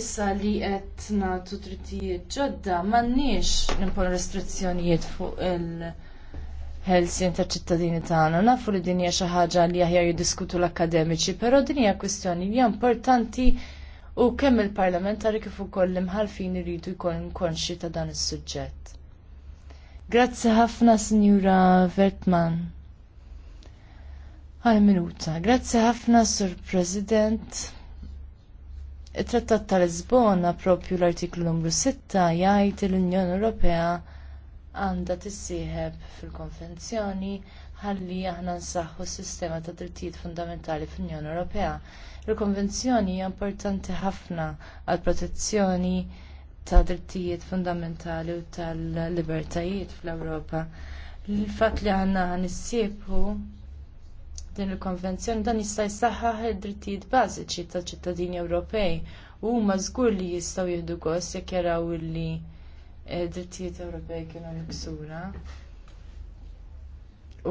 issa li qed nagħtu drittijiet ġodda m'għandniex nimpon restrizzjonijiet fuq il-ħelsien taċ ċittadini tagħna. Nafu li din hija xi ħaġa li aħjar jiddiskutu l-akademiċi, però din hija kwistjoni li hija importanti u kemm il-parlamentari kif ukoll l-imħalfin iridu jkun konxi ta' dan is-suġġett. Grazzi ħafna Sinjura Vertman. Għal minuta. Grazzi ħafna Sur President. It-Trattat tal-Lisbona propju l-artiklu numru 6 jgħid l-Unjoni Ewropea għandha tissieħeb fil-konvenzjoni ħalli aħna nsaħħu s-sistema ta' drittijiet fundamentali fl-Unjoni Ewropea. Il-konvenzjoni hija importanti ħafna għall protezzjoni ta' drittijiet fundamentali u tal-libertajiet fl-Ewropa. Il-fatt li aħna nissiebħu din il-konvenzjoni dan jista' jsaħħaħ id-drittijiet bażiċi tal-ċittadini Ewropej u huma żgur li jistgħu jieħdu gost jekk jaraw li drittijiet Ewropej kienu miksura.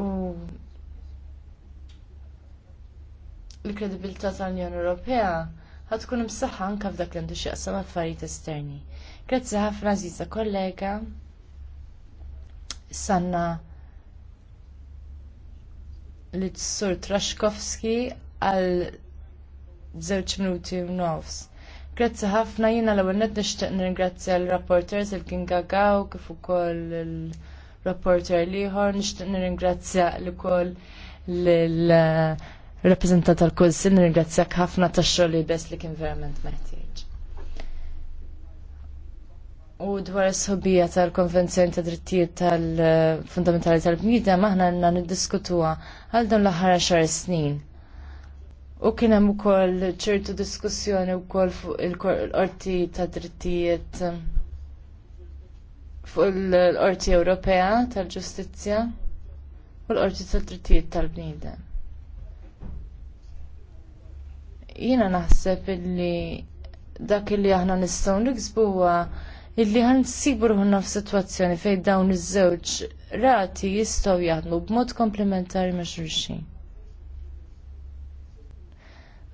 U l-kredibilità tal-Unjoni Ewropea ħad tkun imsaħħa anke f'dak li għandu x'jaqsam affarijiet esterni. Grazzi ħafna żiża kollega. Sanna li t-sur Trashkovski għal żewġ minuti u nofs. Grazzi ħafna jiena l-ewwel nett nixtieq nirringrazzja l-rapporters il Gagaw kif ukoll il-rapporter l ieħor nixtieq nirringrazzja l-ukoll l rappresentant tal Sin nirringrazzjak ħafna tax-xogħol bes li kien verament meħtieġ. U dwar is-sobija tal-Konvenzjoni ta' Drittijiet tal-Fundamentali tal-Bniedem aħna għandna niddiskutuha għal dawn l-aħħar xar snin. U kien hemm ukoll ċertu diskussjoni wkoll fuq il-qorti ta' drittijiet fuq il-Qorti Ewropea tal-Ġustizzja u l-Qorti tad drittijiet tal bnidem Jiena naħseb illi dak illi aħna nistgħu niksbu huwa illi ħan sibu ruħna f'sitwazzjoni fejn dawn iż-żewġ rati jistgħu jaħdmu b'mod komplementari ma' xulxin.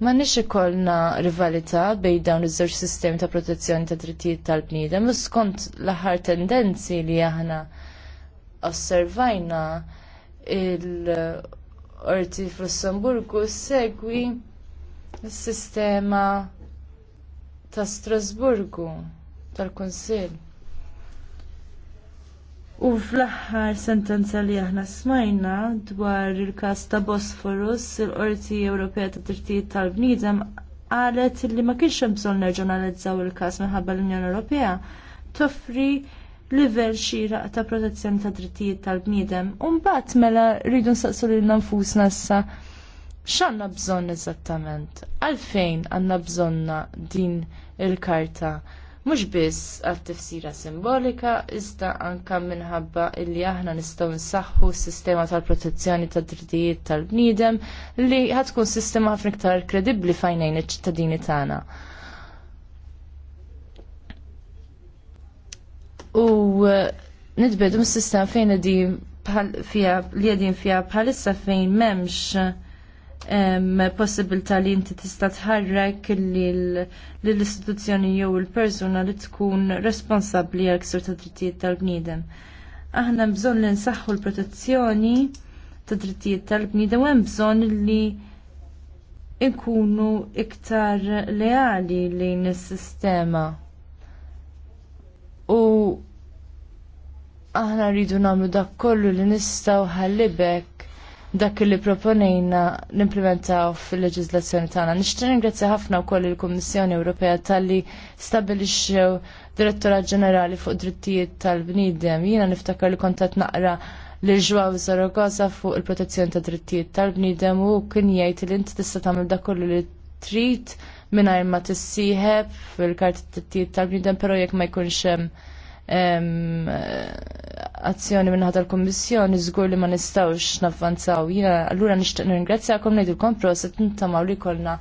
Ma nix ikollna rivalità bejn dawn iż-żewġ sistemi ta' protezzjoni ta' drittijiet tal-bniedem u skont l-aħħar tendenzi li aħna osservajna il-Orti f'Lussemburgu segwi is-sistema ta' Strasburgu tal-Kunsill. U fl-aħħar sentenza li aħna smajna dwar il-każ ta' Bosforus, il-Qorti Ewropea ta' Drittijiet tal-Bniedem qalet li ma kienx hemm bżonn nerġonalizzaw il-każ minħabba l-Unjoni Ewropea toffri livell xieraq ta' protezzjoni ta' drittijiet tal-bniedem. U mbagħad mela rridu nsaqsu lil nfusna issa x'għandna bżonn eżattament? Għalfejn għandna bżonna din il-karta? Mhux biss għat-tifsira simbolika, iżda anke minħabba illi aħna nistgħu nsaħħu s-sistema tal-protezzjoni tad-drittijiet tal-bniedem li ħatkun sistema ħafna iktar kredibbli fajnejn iċ-ċittadini tagħna. U uh, nitbedu mis-sistema fejn li għedin fija bħalissa fejn memx possibilità li inti tista' tħarrek lill-istituzzjoni jew il-persuna li tkun responsabbli għal ksur ta' drittijiet tal-bniedem. Aħna bżonn li nsaħħu l-protezzjoni ta' drittijiet tal-bniedem u hemm bżonn li nkunu iktar leali lejn is-sistema. U aħna rridu nagħmlu dak kollu li nistgħu ħallibek dak li proponejna nimplementaw fil-leġizlazzjoni tagħna. Nixtieq ringrazzja ħafna wkoll il-Kummissjoni Ewropea talli stabilixxew Direttorat Ġenerali fuq Drittijiet tal-Bniedem. Jiena niftakar li kontat naqra lil ġwaw Zaragoza fuq il-protezzjoni ta' drittijiet tal-bniedem u kien jgħid li inti tista' tagħmel dak kollu li trid mingħajr ma tissieħeb fil-karti drittijiet tal-bniedem però jekk ma jkunx hemm azzjoni minnħat tal kommissjoni żgur li ma nistgħux navvanzaw. Jiena allura nixtieq nirringrazzjakom ngħidilkom t nintamaw li kolna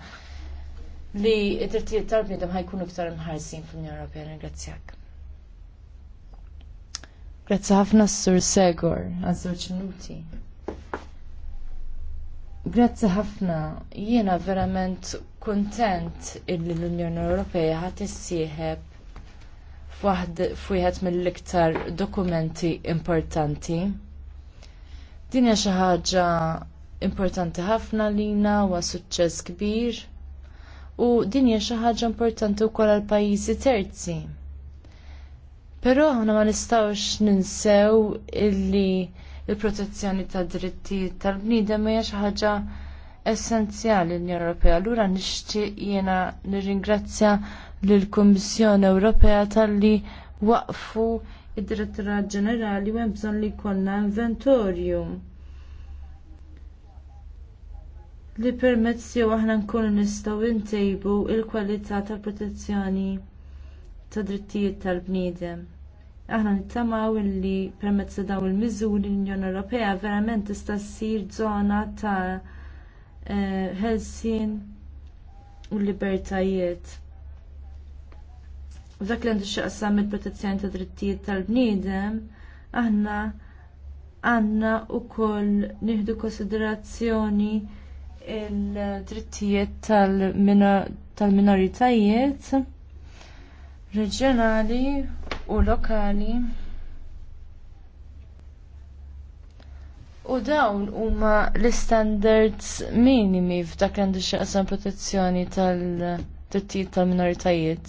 li t-tirtijiet tal-bniedem ħajkunu iktar mħarsin fl-Unjoni Ewropea. Ringrazzjak. Grazzi ħafna s-sur Segor, għaż-żewġ minuti. Grazzi ħafna, jiena verament kontent illi l-Unjoni Ewropea ħat s-sieħeb f'wieħed mill-iktar dokumenti importanti. Din hija xi ħaġa importanti ħafna lina huwa suċċess kbir u din hija xi ħaġa importanti wkoll għal pajjiżi terzi. Però aħna ma nistgħux ninsew illi il-protezzjoni tad drittijiet tal-bniedem hija xi ħaġa essenzjali l-Unjoni Ewropea. Allura nixtieq jiena nirringrazzja l kummissjoni Ewropea talli waqfu id-Direttorat Ġenerali u hemm bżonn li jkollna inventorju. Li permezz jew aħna nkunu nistgħu ntejbu l kwalità tal-protezzjoni ta' drittijiet tal-bniedem. Aħna nittamaw li permezz ta' dawn il-miżuri l-Unjoni Ewropea verament tista' ssir żona ta' eh, ħelsien u libertajiet dak li għandu xaqsam il-protezzjoni ta' drittijiet tal-bniedem, aħna għanna u koll nieħdu konsiderazzjoni il-drittijiet tal-minoritajiet reġjonali u lokali. U dawn huma l-standards minimi f'dak li għandu xaqsam protezzjoni tal-drittijiet tal-minoritajiet.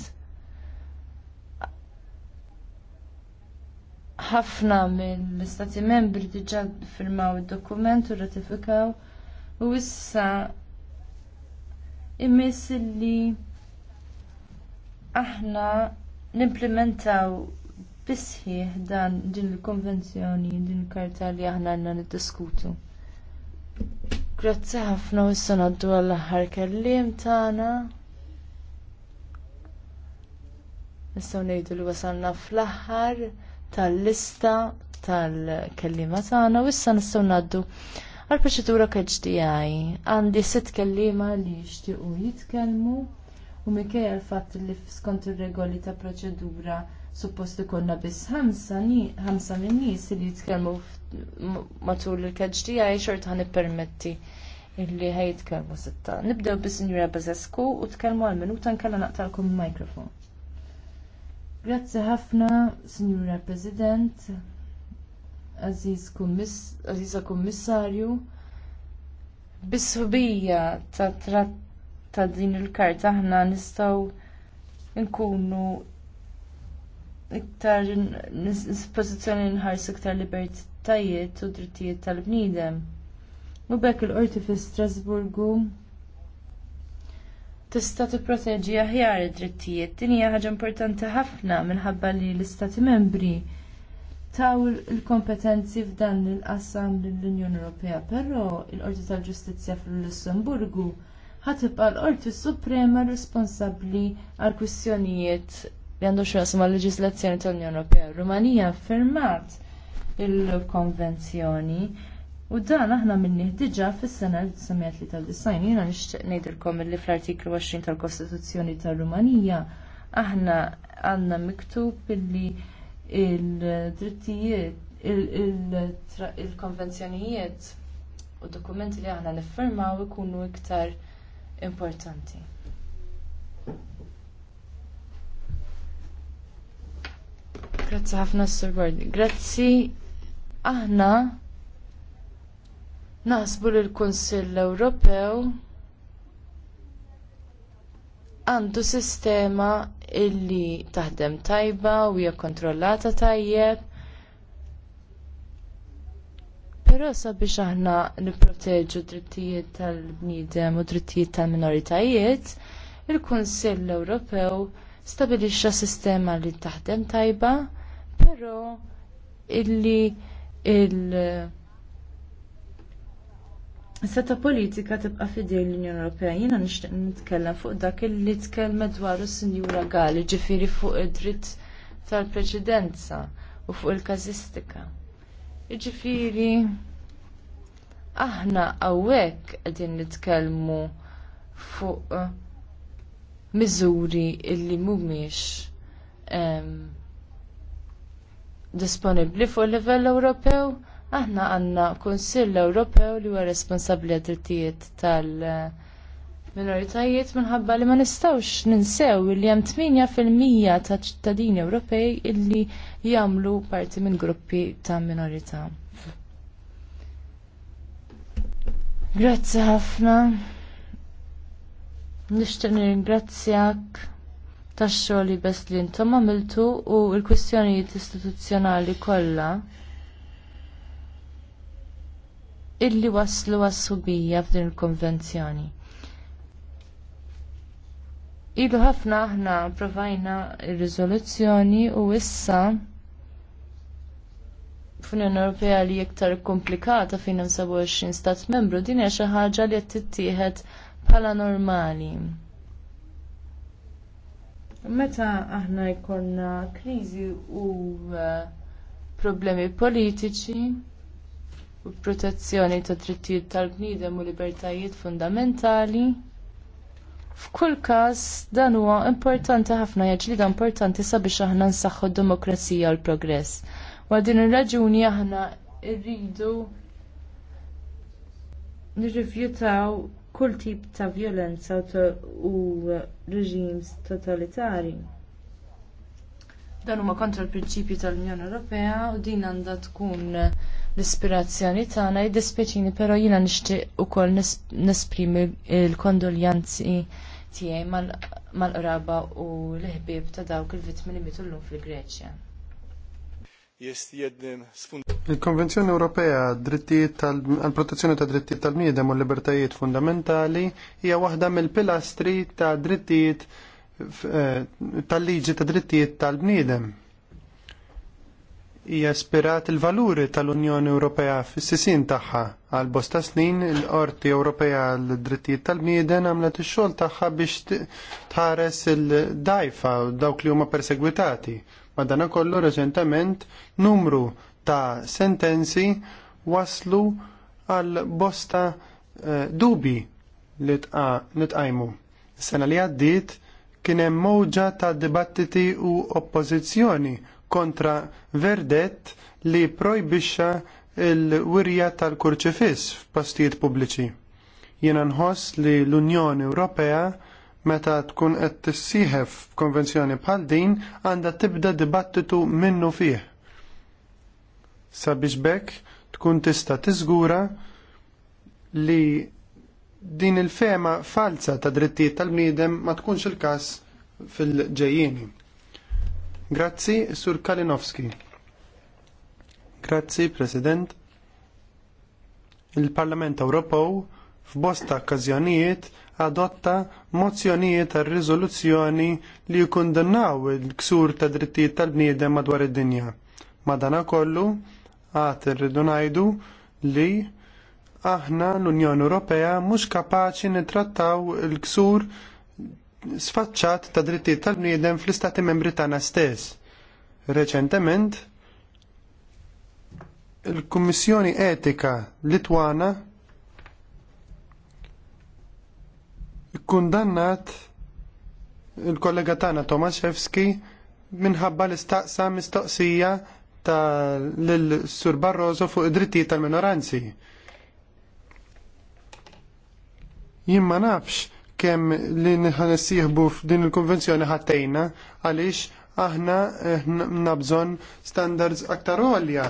ħafna mill-istati membri diġà firmaw id dokument u rratifikaw u issa immiss li aħna nimplementaw bisħieħ dan din il-konvenzjoni, din il-karta li aħna għandna niddiskutu. Grazzi ħafna u issa ngħaddu għall-aħħar kelliem tagħna. Nistgħu ngħidu li wasalna fl-aħħar tal-lista tal-kellima tagħna u issa nistgħu ngħaddu għall-proċedura KHDI. Għandi sitt kelliema li jixtiequ jitkellmu u minkejja l-fatt li skont ir-regoli ta' proċedura suppost ikollna biss ħamsa ħamsa minn nies li jitkellmu matul il-KHDI xorta ħan ippermetti illi ħajt sitta. Nibdew bis-Sinjura Bazesku u tkellmu għal minuta nkella naqtalkom il-mikrofon. Grazzi ħafna, Signora President, Aziz Aziza Kummissarju. bis ta' tratt ta' din il-karta aħna nistgħu nkunu iktar nispożizzjoni nħarsu iktar libertajiet u drittijiet tal-bniedem. U bekk il-qorti fi Strasburgu tista' tipproteġi aħjar id-drittijiet. Din hija ħaġa importanti ħafna minħabba li l-Istati Membri taw il-kompetenzi f'dan il-qassam lill-Unjoni Ewropea, però l-Qorti tal-Ġustizzja fil-Lussemburgu ħatibqa l-Qorti Suprema responsabbli għal kwistjonijiet li għandu xrasma l-leġislazzjoni tal-Unjoni Ewropea. Rumanija firmat il-konvenzjoni U dan aħna minnih diġa fis-sena 1993 jiena nixtieq ngħidilkom li fl-artiklu 20 tal-Kostituzzjoni tar-Rumanija aħna għandna miktub illi il-drittijiet il-konvenzjonijiet u dokumenti li aħna niffirmaw ikunu iktar importanti. Grazzi ħafna s-sur Grazzi aħna Naħsbu li l-Kunsill Ewropew għandu sistema illi taħdem tajba u hija kontrollata tajjeb. Però sabiex aħna nipproteġu drittijiet tal-bniedem u drittijiet tal-minoritajiet, il-Kunsill Ewropew stabilixxa sistema li taħdem tajba, però illi il- Seta politika tibqa fidejn l-Unjoni Ewropea, jiena nixtieq nitkellem fuq dak li tkellmet is Sinjura Gali, ġifieri fuq id-dritt tal-preċedenza u fuq il-każistika. Ġifieri aħna hawnhekk qegħdin nitkellmu fuq miżuri illi mhumiex ehm, disponibbli fuq livell Ewropew aħna għandna Kunsill Ewropew li huwa responsabbli għad-drittijiet tal-minoritajiet minħabba li ma nistgħux ninsew li hemm 8% ta' ċittadini Ewropej illi jagħmlu parti minn gruppi ta' minorità. Grazzi ħafna. Nixtieq nirringrazzjak tax-xogħol bes li intom għamiltu u l-kwistjonijiet istituzzjonali kollha illi waslu għas-subija f'din il-konvenzjoni. Ilu ħafna aħna provajna ir-riżoluzzjoni u issa f'Unjoni Ewropea li iktar komplikata fejn hemm 27 stat membru din hija xi ħaġa li qed tittieħed bħala normali. Meta aħna jkollna kriżi u eh, problemi politiċi, u protezzjoni ta' drittijiet tal-bniedem u libertajiet fundamentali. F'kull każ dan huwa importanti ħafna ġlieda importanti sabiex aħna nsaħħu d-demokrazija u l-progress. Wa din ir-raġuni aħna rridu nirrifjutaw kull tip ta' violenza u reġims totalitari. Dan huma kontra l-prinċipju tal-Unjoni Ewropea u din għandha tkun l-ispirazzjoni tagħna jiddispjaċini però jiena nixtieq ukoll nesprimi l-kondoljanzi tiegħi mal-qraba u l-ħbieb ta' dawk il-vittmi li mitu llum fil-Greċja. Il-Konvenzjoni Ewropea għal-Protezzjoni ta' Drittijiet tal-Bniedem u l-Libertajiet Fundamentali hija waħda mill-pilastri ta' drittijiet eh, tal-liġi ta' drittijiet tal-bniedem hija spirat il-valuri tal-Unjoni Ewropea fis-sisin tagħha għal bosta snin il-Qorti Ewropea l-Drittijiet tal-Mieden għamlet ix-xogħol tagħha biex tħares il-dajfa u dawk li huma persegwitati. Madanakollu reċentement numru ta' sentenzi waslu għal bosta eh, dubi li nitqajmu. Sena li għaddiet kien hemm mowġa ta' dibattiti u oppożizzjoni kontra verdett li projbixxa il-wirja tal-kurċifiss f'postijiet pubbliċi. Jiena nħoss li l-Unjoni Ewropea meta tkun qed tissieħef f'konvenzjoni bħal din għandha tibda dibattitu minnu fih. Sabiex bekk tkun tista' tiżgura li din il-fema falsa ta' drittijiet tal-bniedem ma tkunx il-każ fil-ġejjieni. Grazzi, Sur Kalinowski. Grazzi, President. Il-Parlament Ewropew f'bosta okkażjonijiet adotta mozzjonijiet għal riżoluzzjoni li jkundannaw il-ksur ta' drittijiet tal-bniedem madwar id-dinja. Madanakollu għad għat irridu ngħidu li aħna l-Unjoni Ewropea mhux kapaċi nittrattaw il-ksur sfaċċat ta' drittijiet tal-bniedem fl-istati membri tagħna stess. Reċentement, il-Kummissjoni Etika Litwana k-kundannat il-kollega tagħna Tomaszewski minħabba l-istaqsa mistoqsija ta' l-Sur Barroso fuq id-drittijiet tal-minoranzi. Jien ma nafx kemm li nħan f'din il-konvenzjoni ħattejna għaliex aħna eh, nabżon standards aktar għolja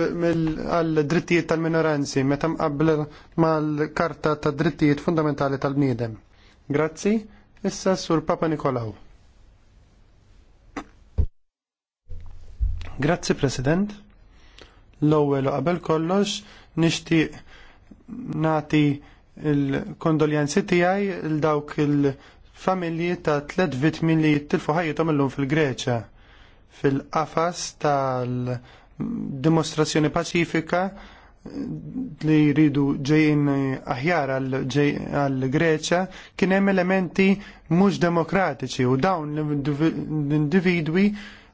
għal drittijiet tal-minoranzi meta mqabbla mal-karta ta' drittijiet fundamentali tal-bniedem. Grazzi, issa sur Papa Nikolaw. Grazzi President. L-ewwel qabel kollox nixtieq nati il-kondoljanzi tiegħi il dawk il-familji ta' tliet vittmi li jittilfu ħajjithom illum fil-Greċja fil-qafas tal-dimostrazzjoni paċifika li jridu ġejjin aħjar għal-Greċja kien hemm elementi mhux demokratiċi u dawn l-individwi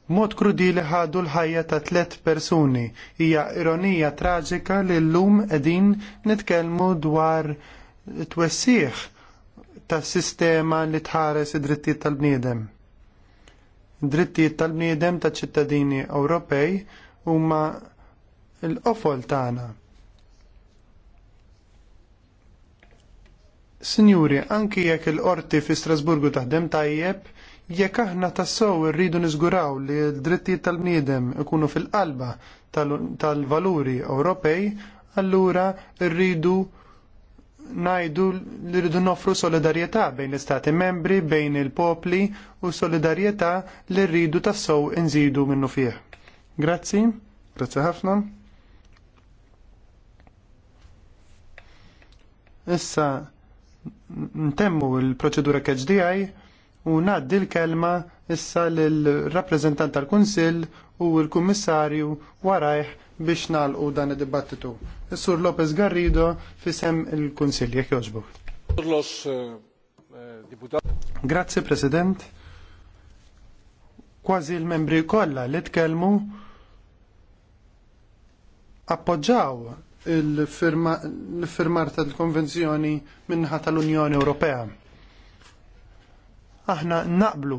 Mod krudili ħadu l-ħajja ta' tlet persuni. Hija ironija traġika li llum qegħdin nitkellmu dwar twessieħ tas sistema li tħares id-drittijiet tal-bniedem. Drittijiet tal-bniedem ta' ċittadini Ewropej huma l-qofol tagħna. Sinjuri, anki jekk il-qorti fi Strasburgu taħdem tajjeb, Jekk aħna tassew irridu niżguraw li l-drittijiet tal-bniedem ikunu fil-qalba tal-valuri Ewropej, allura rridu najdu li rridu nofru solidarjetà bejn l-istati membri, bejn il-popli u solidarjetà li rridu tassow inżidu minnu fih. Grazzi, grazzi ħafna. Issa, ntemmu l proċedura KHDI u ngħaddi l-kelma issa lill-rappreżentant tal-Kunsill u l-Kummissarju warajh biex nagħlqu dan id-dibattitu. Is-Sur Lopez Garrido fisem il-Kunsill jekk jogħġbu. Eh, eh, Grazzi President. Kważi l-membri kollha li tkellmu appoġġaw l-firmar tal-konvenzjoni minnaħa tal-Unjoni Ewropea. Aħna naqblu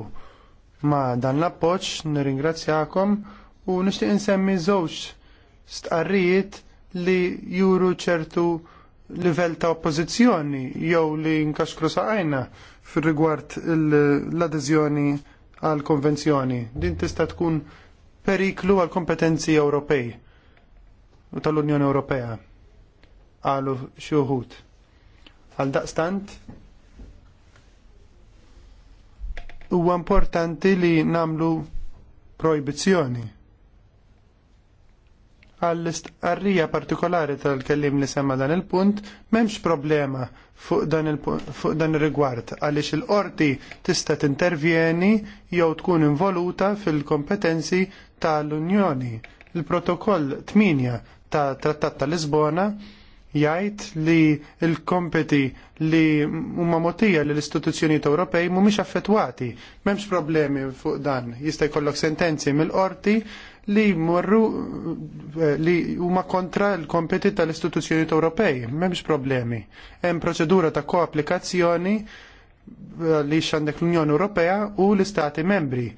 ma dan l-appoċ, nirringrazzjakom u nishtiq insemmi żewġ stqarrijiet li juru ċertu livell ta' oppożizzjoni jew li nkaxkru saqajna fir-rigward l-adeżjoni għal konvenzjoni. Din tista' tkun periklu għal kompetenzi Ewropej u tal-Unjoni Ewropea għalu xuħut. Għal daqstant, huwa importanti li namlu proibizjoni. Għall-istqarrija partikolari tal-kellim li semma dan il-punt, memx problema fuq dan, il-rigward, għalix il-qorti tista' t-intervjeni jew tkun involuta fil-kompetenzi tal-Unjoni. Il-protokoll 8 ta' Trattat tal Lisbona jgħid li l-kompeti li huma motija li l-istituzzjonijiet Ewropej mhumiex affettwati. M'hemmx problemi fuq dan. Jista' jkollok sentenzi mill-qorti li morru eh, li huma kontra l-kompeti tal-istituzzjonijiet Ewropej. M'hemmx problemi. Hemm proċedura ta' koapplikazzjoni eh, li xandek l-Unjoni Ewropea u l-Istati membri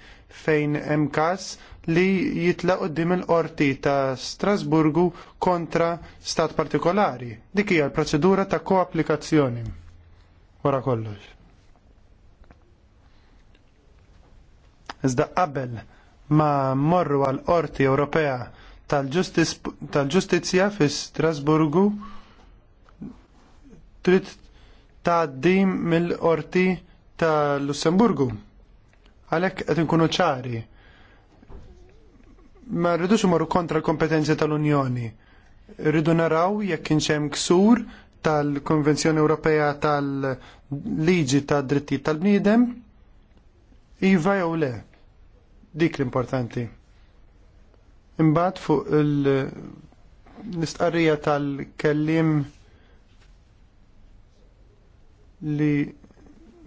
fejn hemm każ li jitlaq qoddim il-qorti ta' Strasburgu kontra stat partikolari. Dik hija l-proċedura ta' koapplikazzjoni. Wara kollox. Iżda qabel ma morru għal qorti Ewropea tal-ġustizja tal fi Strasburgu trid tgħaddi mill-qorti ta' Lussemburgu. Għalhekk qed inkunu ċari ma rridux imorru kontra l-kompetenzi tal-Unjoni. Rridu naraw jekk kienx hemm ksur tal-Konvenzjoni Ewropea tal-Liġi tad dritti tal-Bniedem, iva jew le. Dik l-importanti. Imbagħad fuq l-istqarrija tal-kellim li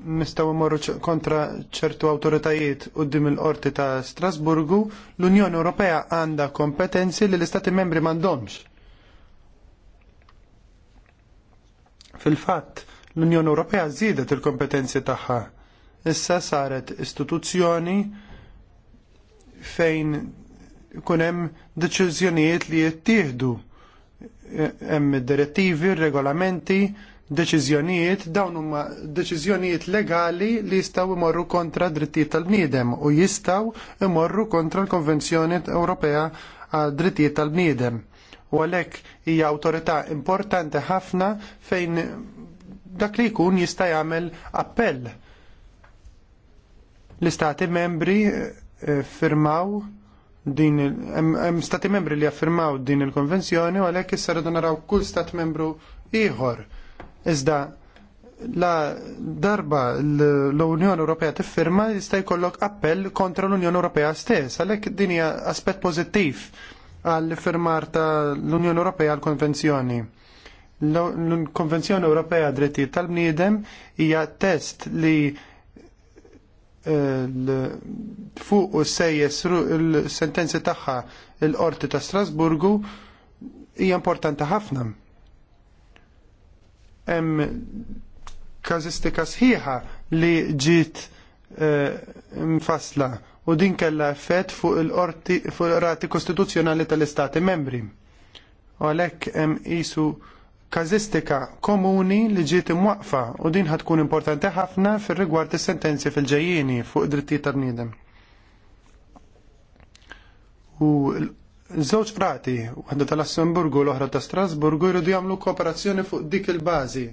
nistgħu imorru kontra ċertu awtoritajiet quddiem il-qorti ta' Strasburgu, l-Unjoni Ewropea għandha kompetenzi li l-Istati membri m'għandhomx. Fil-fatt, l-Unjoni Ewropea żiedet il-kompetenzi tagħha. Issa saret istituzzjoni fejn kun hemm deċiżjonijiet li jittieħdu hemm id-direttivi, ir-regolamenti, deċiżjonijiet dawn huma deċiżjonijiet legali li jistgħu imorru kontra drittijiet tal-bniedem u jistgħu imorru kontra l-Konvenzjoni Ewropea għal drittijiet tal-bniedem. U għalhekk hija awtorità importanti ħafna fejn dak li jkun jista' jagħmel appell. L-istati membri eh, firmaw din hemm stati membri li affirmaw din il-konvenzjoni u għalhekk issa rridu naraw kull stat membru ieħor Iżda la darba l-Unjoni Ewropea tiffirma jista' jkollok appell kontra l-Unjoni Ewropea stess, għalhekk din hija aspett pożittiv għall firmar ta' l-Unjoni Ewropea l-Konvenzjoni. L-Konvenzjoni Ewropea drittijiet tal-bniedem hija test li eh, fuq u sejjes l-sentenzi tagħha l-Qorti ta' Strasburgu hija importanti ħafna hemm kazistika sħiħa li ġiet eh, mfasla u din kella effett fuq il-qorti fuq il-rati kostituzzjonali tal-istati membri. U għalhekk hemm isu kazistika komuni li ġiet imwaqfa u din tkun importanti ħafna fir-rigward is-sentenzi fil-ġejjieni fuq drittijiet tan niedem U Żewġ frati, waħda ta' assemburgu u l-oħra ta' Strasburgu, jridu jagħmlu kooperazzjoni fuq dik il-bażi.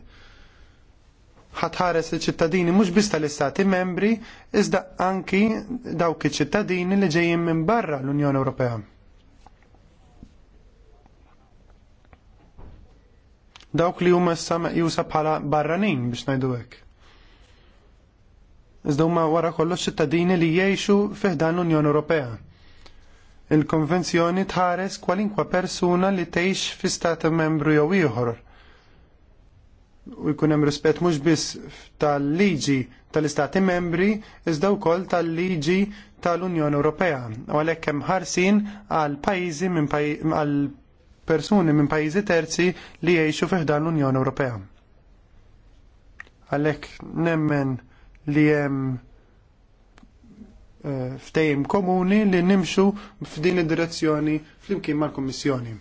Ħatħares il-ċittadini mhux biss tal-Istati membri, iżda anki dawk iċ-ċittadini li ġejjin minn barra l-Unjoni Ewropea. Dawk li huma issa meqjusa bħala barranin biex ngħidu hekk. Iżda huma wara kollox ċittadini li jgħixu fih dan l-Unjoni Ewropea Il-konvenzjoni tħares kwalinkwa persuna li tgħix fi stat membru jew ieħor. U jkun hemm rispett mhux biss tal-liġi tal-istati membri iżda wkoll tal-liġi tal-Unjoni Ewropea. U għalhekk hemm ħarsin għal pajjiżi minn għal persuni minn pajjiżi terzi li jgħixu fih dan l-Unjoni Ewropea. Għalhekk nemmen li hemm Eh, ftejim komuni li nimxu f'din id-direzzjoni flimkien mal-Kummissjoni.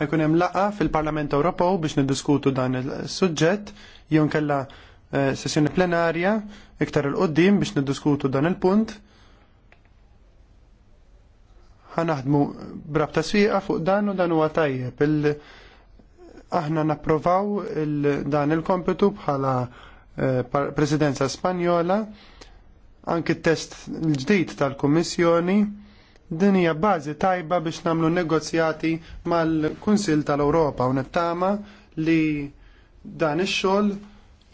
ħajkun hemm laqa fil-Parlament Ewropew biex niddiskutu dan is-suġġett jew kellha eh, sessjoni plenarja iktar il-qoddim biex niddiskutu dan il-punt. Ħanaħdmu brabta swieqa fuq dan u dan huwa tajjeb. Aħna napprovaw dan il-kompetu bħala Eh, presidenza Spanjola, anki test l-ġdid tal-Kummissjoni, din hija bażi tajba biex nagħmlu negozjati mal-Kunsill tal-Ewropa u nittama li dan ix-xogħol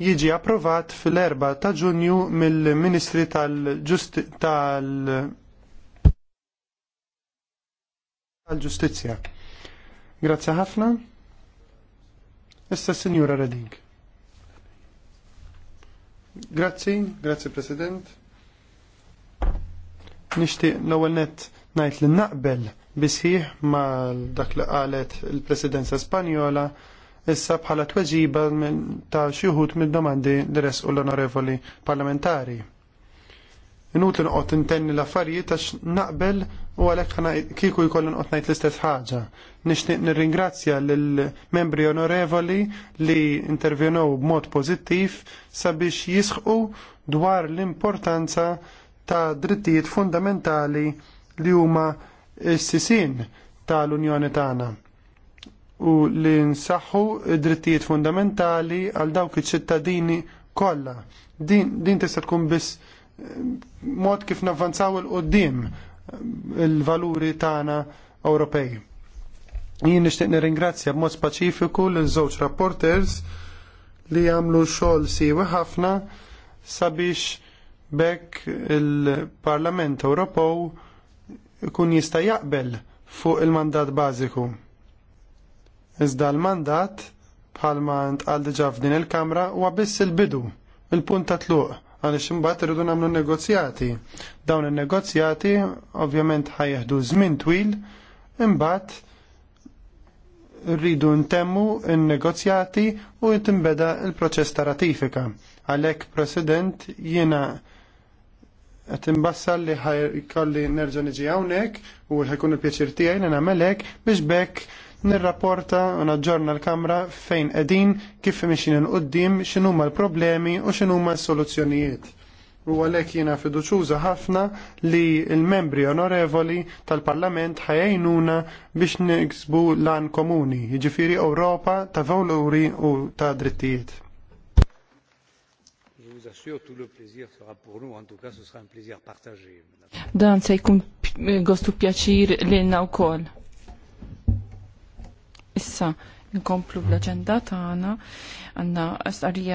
jiġi approvat fil-4 ta' Ġunju mill-Ministri tal-Ġustizzja. Grazzi ħafna. Issa Sinjura Reding. Grazzi, grazzi President. Nishti l-ewwel net ngħid li naqbel bisħiħ ma' dak li qalet il-Presidenza Spanjola issa bħala tweġiba ta' xi wħud mid-domandi li resqu l-onorevoli parlamentari inutli noqgħod intenni l-affarijiet għax naqbel u għalhekk kieku jkollu noqgħod ngħid l-istess ħaġa. Nixtieq nirringrazzja lill-membri onorevoli li intervjenew b'mod pożittiv sabiex jisħqu dwar l-importanza ta' drittijiet fundamentali li huma s-sisin tal-Unjoni tagħna u li nsaħħu drittijiet fundamentali għal dawk iċ-ċittadini kollha. Din, din tista' tkun biss mod kif navvanzaw il-qoddim il-valuri tagħna Ewropej. Jien nixtieq nirringrazzja b'mod speċifiku lil żewġ rapporters li jagħmlu xogħol siewi ħafna sabiex bekk il-Parlament Ewropew ikun jista' jaqbel fuq il-mandat bażiku. Iżda l-mandat bħalma ntqal diġà f'din il-Kamra huwa biss il-bidu, il-punt ta' tluq għaliex imbagħad irridu nagħmlu negozjati. Dawn in-negozjati ovvjament ħajjeħdu żmien twil imbagħad rridu ntemmu in-negozjati u jtimbeda il-proċess ta' ratifika. Għalhekk President jiena qed imbassal li ħajkolli nerġa' niġi hawnhekk u ħajkun il-pjaċir tiegħi li nagħmel hekk biex bekk nirrapporta u naġġorna l-Kamra fejn qegħdin kif miexin il-qoddim x'inhuma l-problemi u xinuma l soluzzjonijiet U għalhekk jiena fiduċuża ħafna li l-membri onorevoli tal-Parlament ħajajnuna biex niksbu lan komuni, jiġifieri Ewropa ta' valuri u ta' drittijiet Dan se jkun gostu pjaċir l-inna u wkoll. Issa, nkomplu l agenda tagħna għandna starija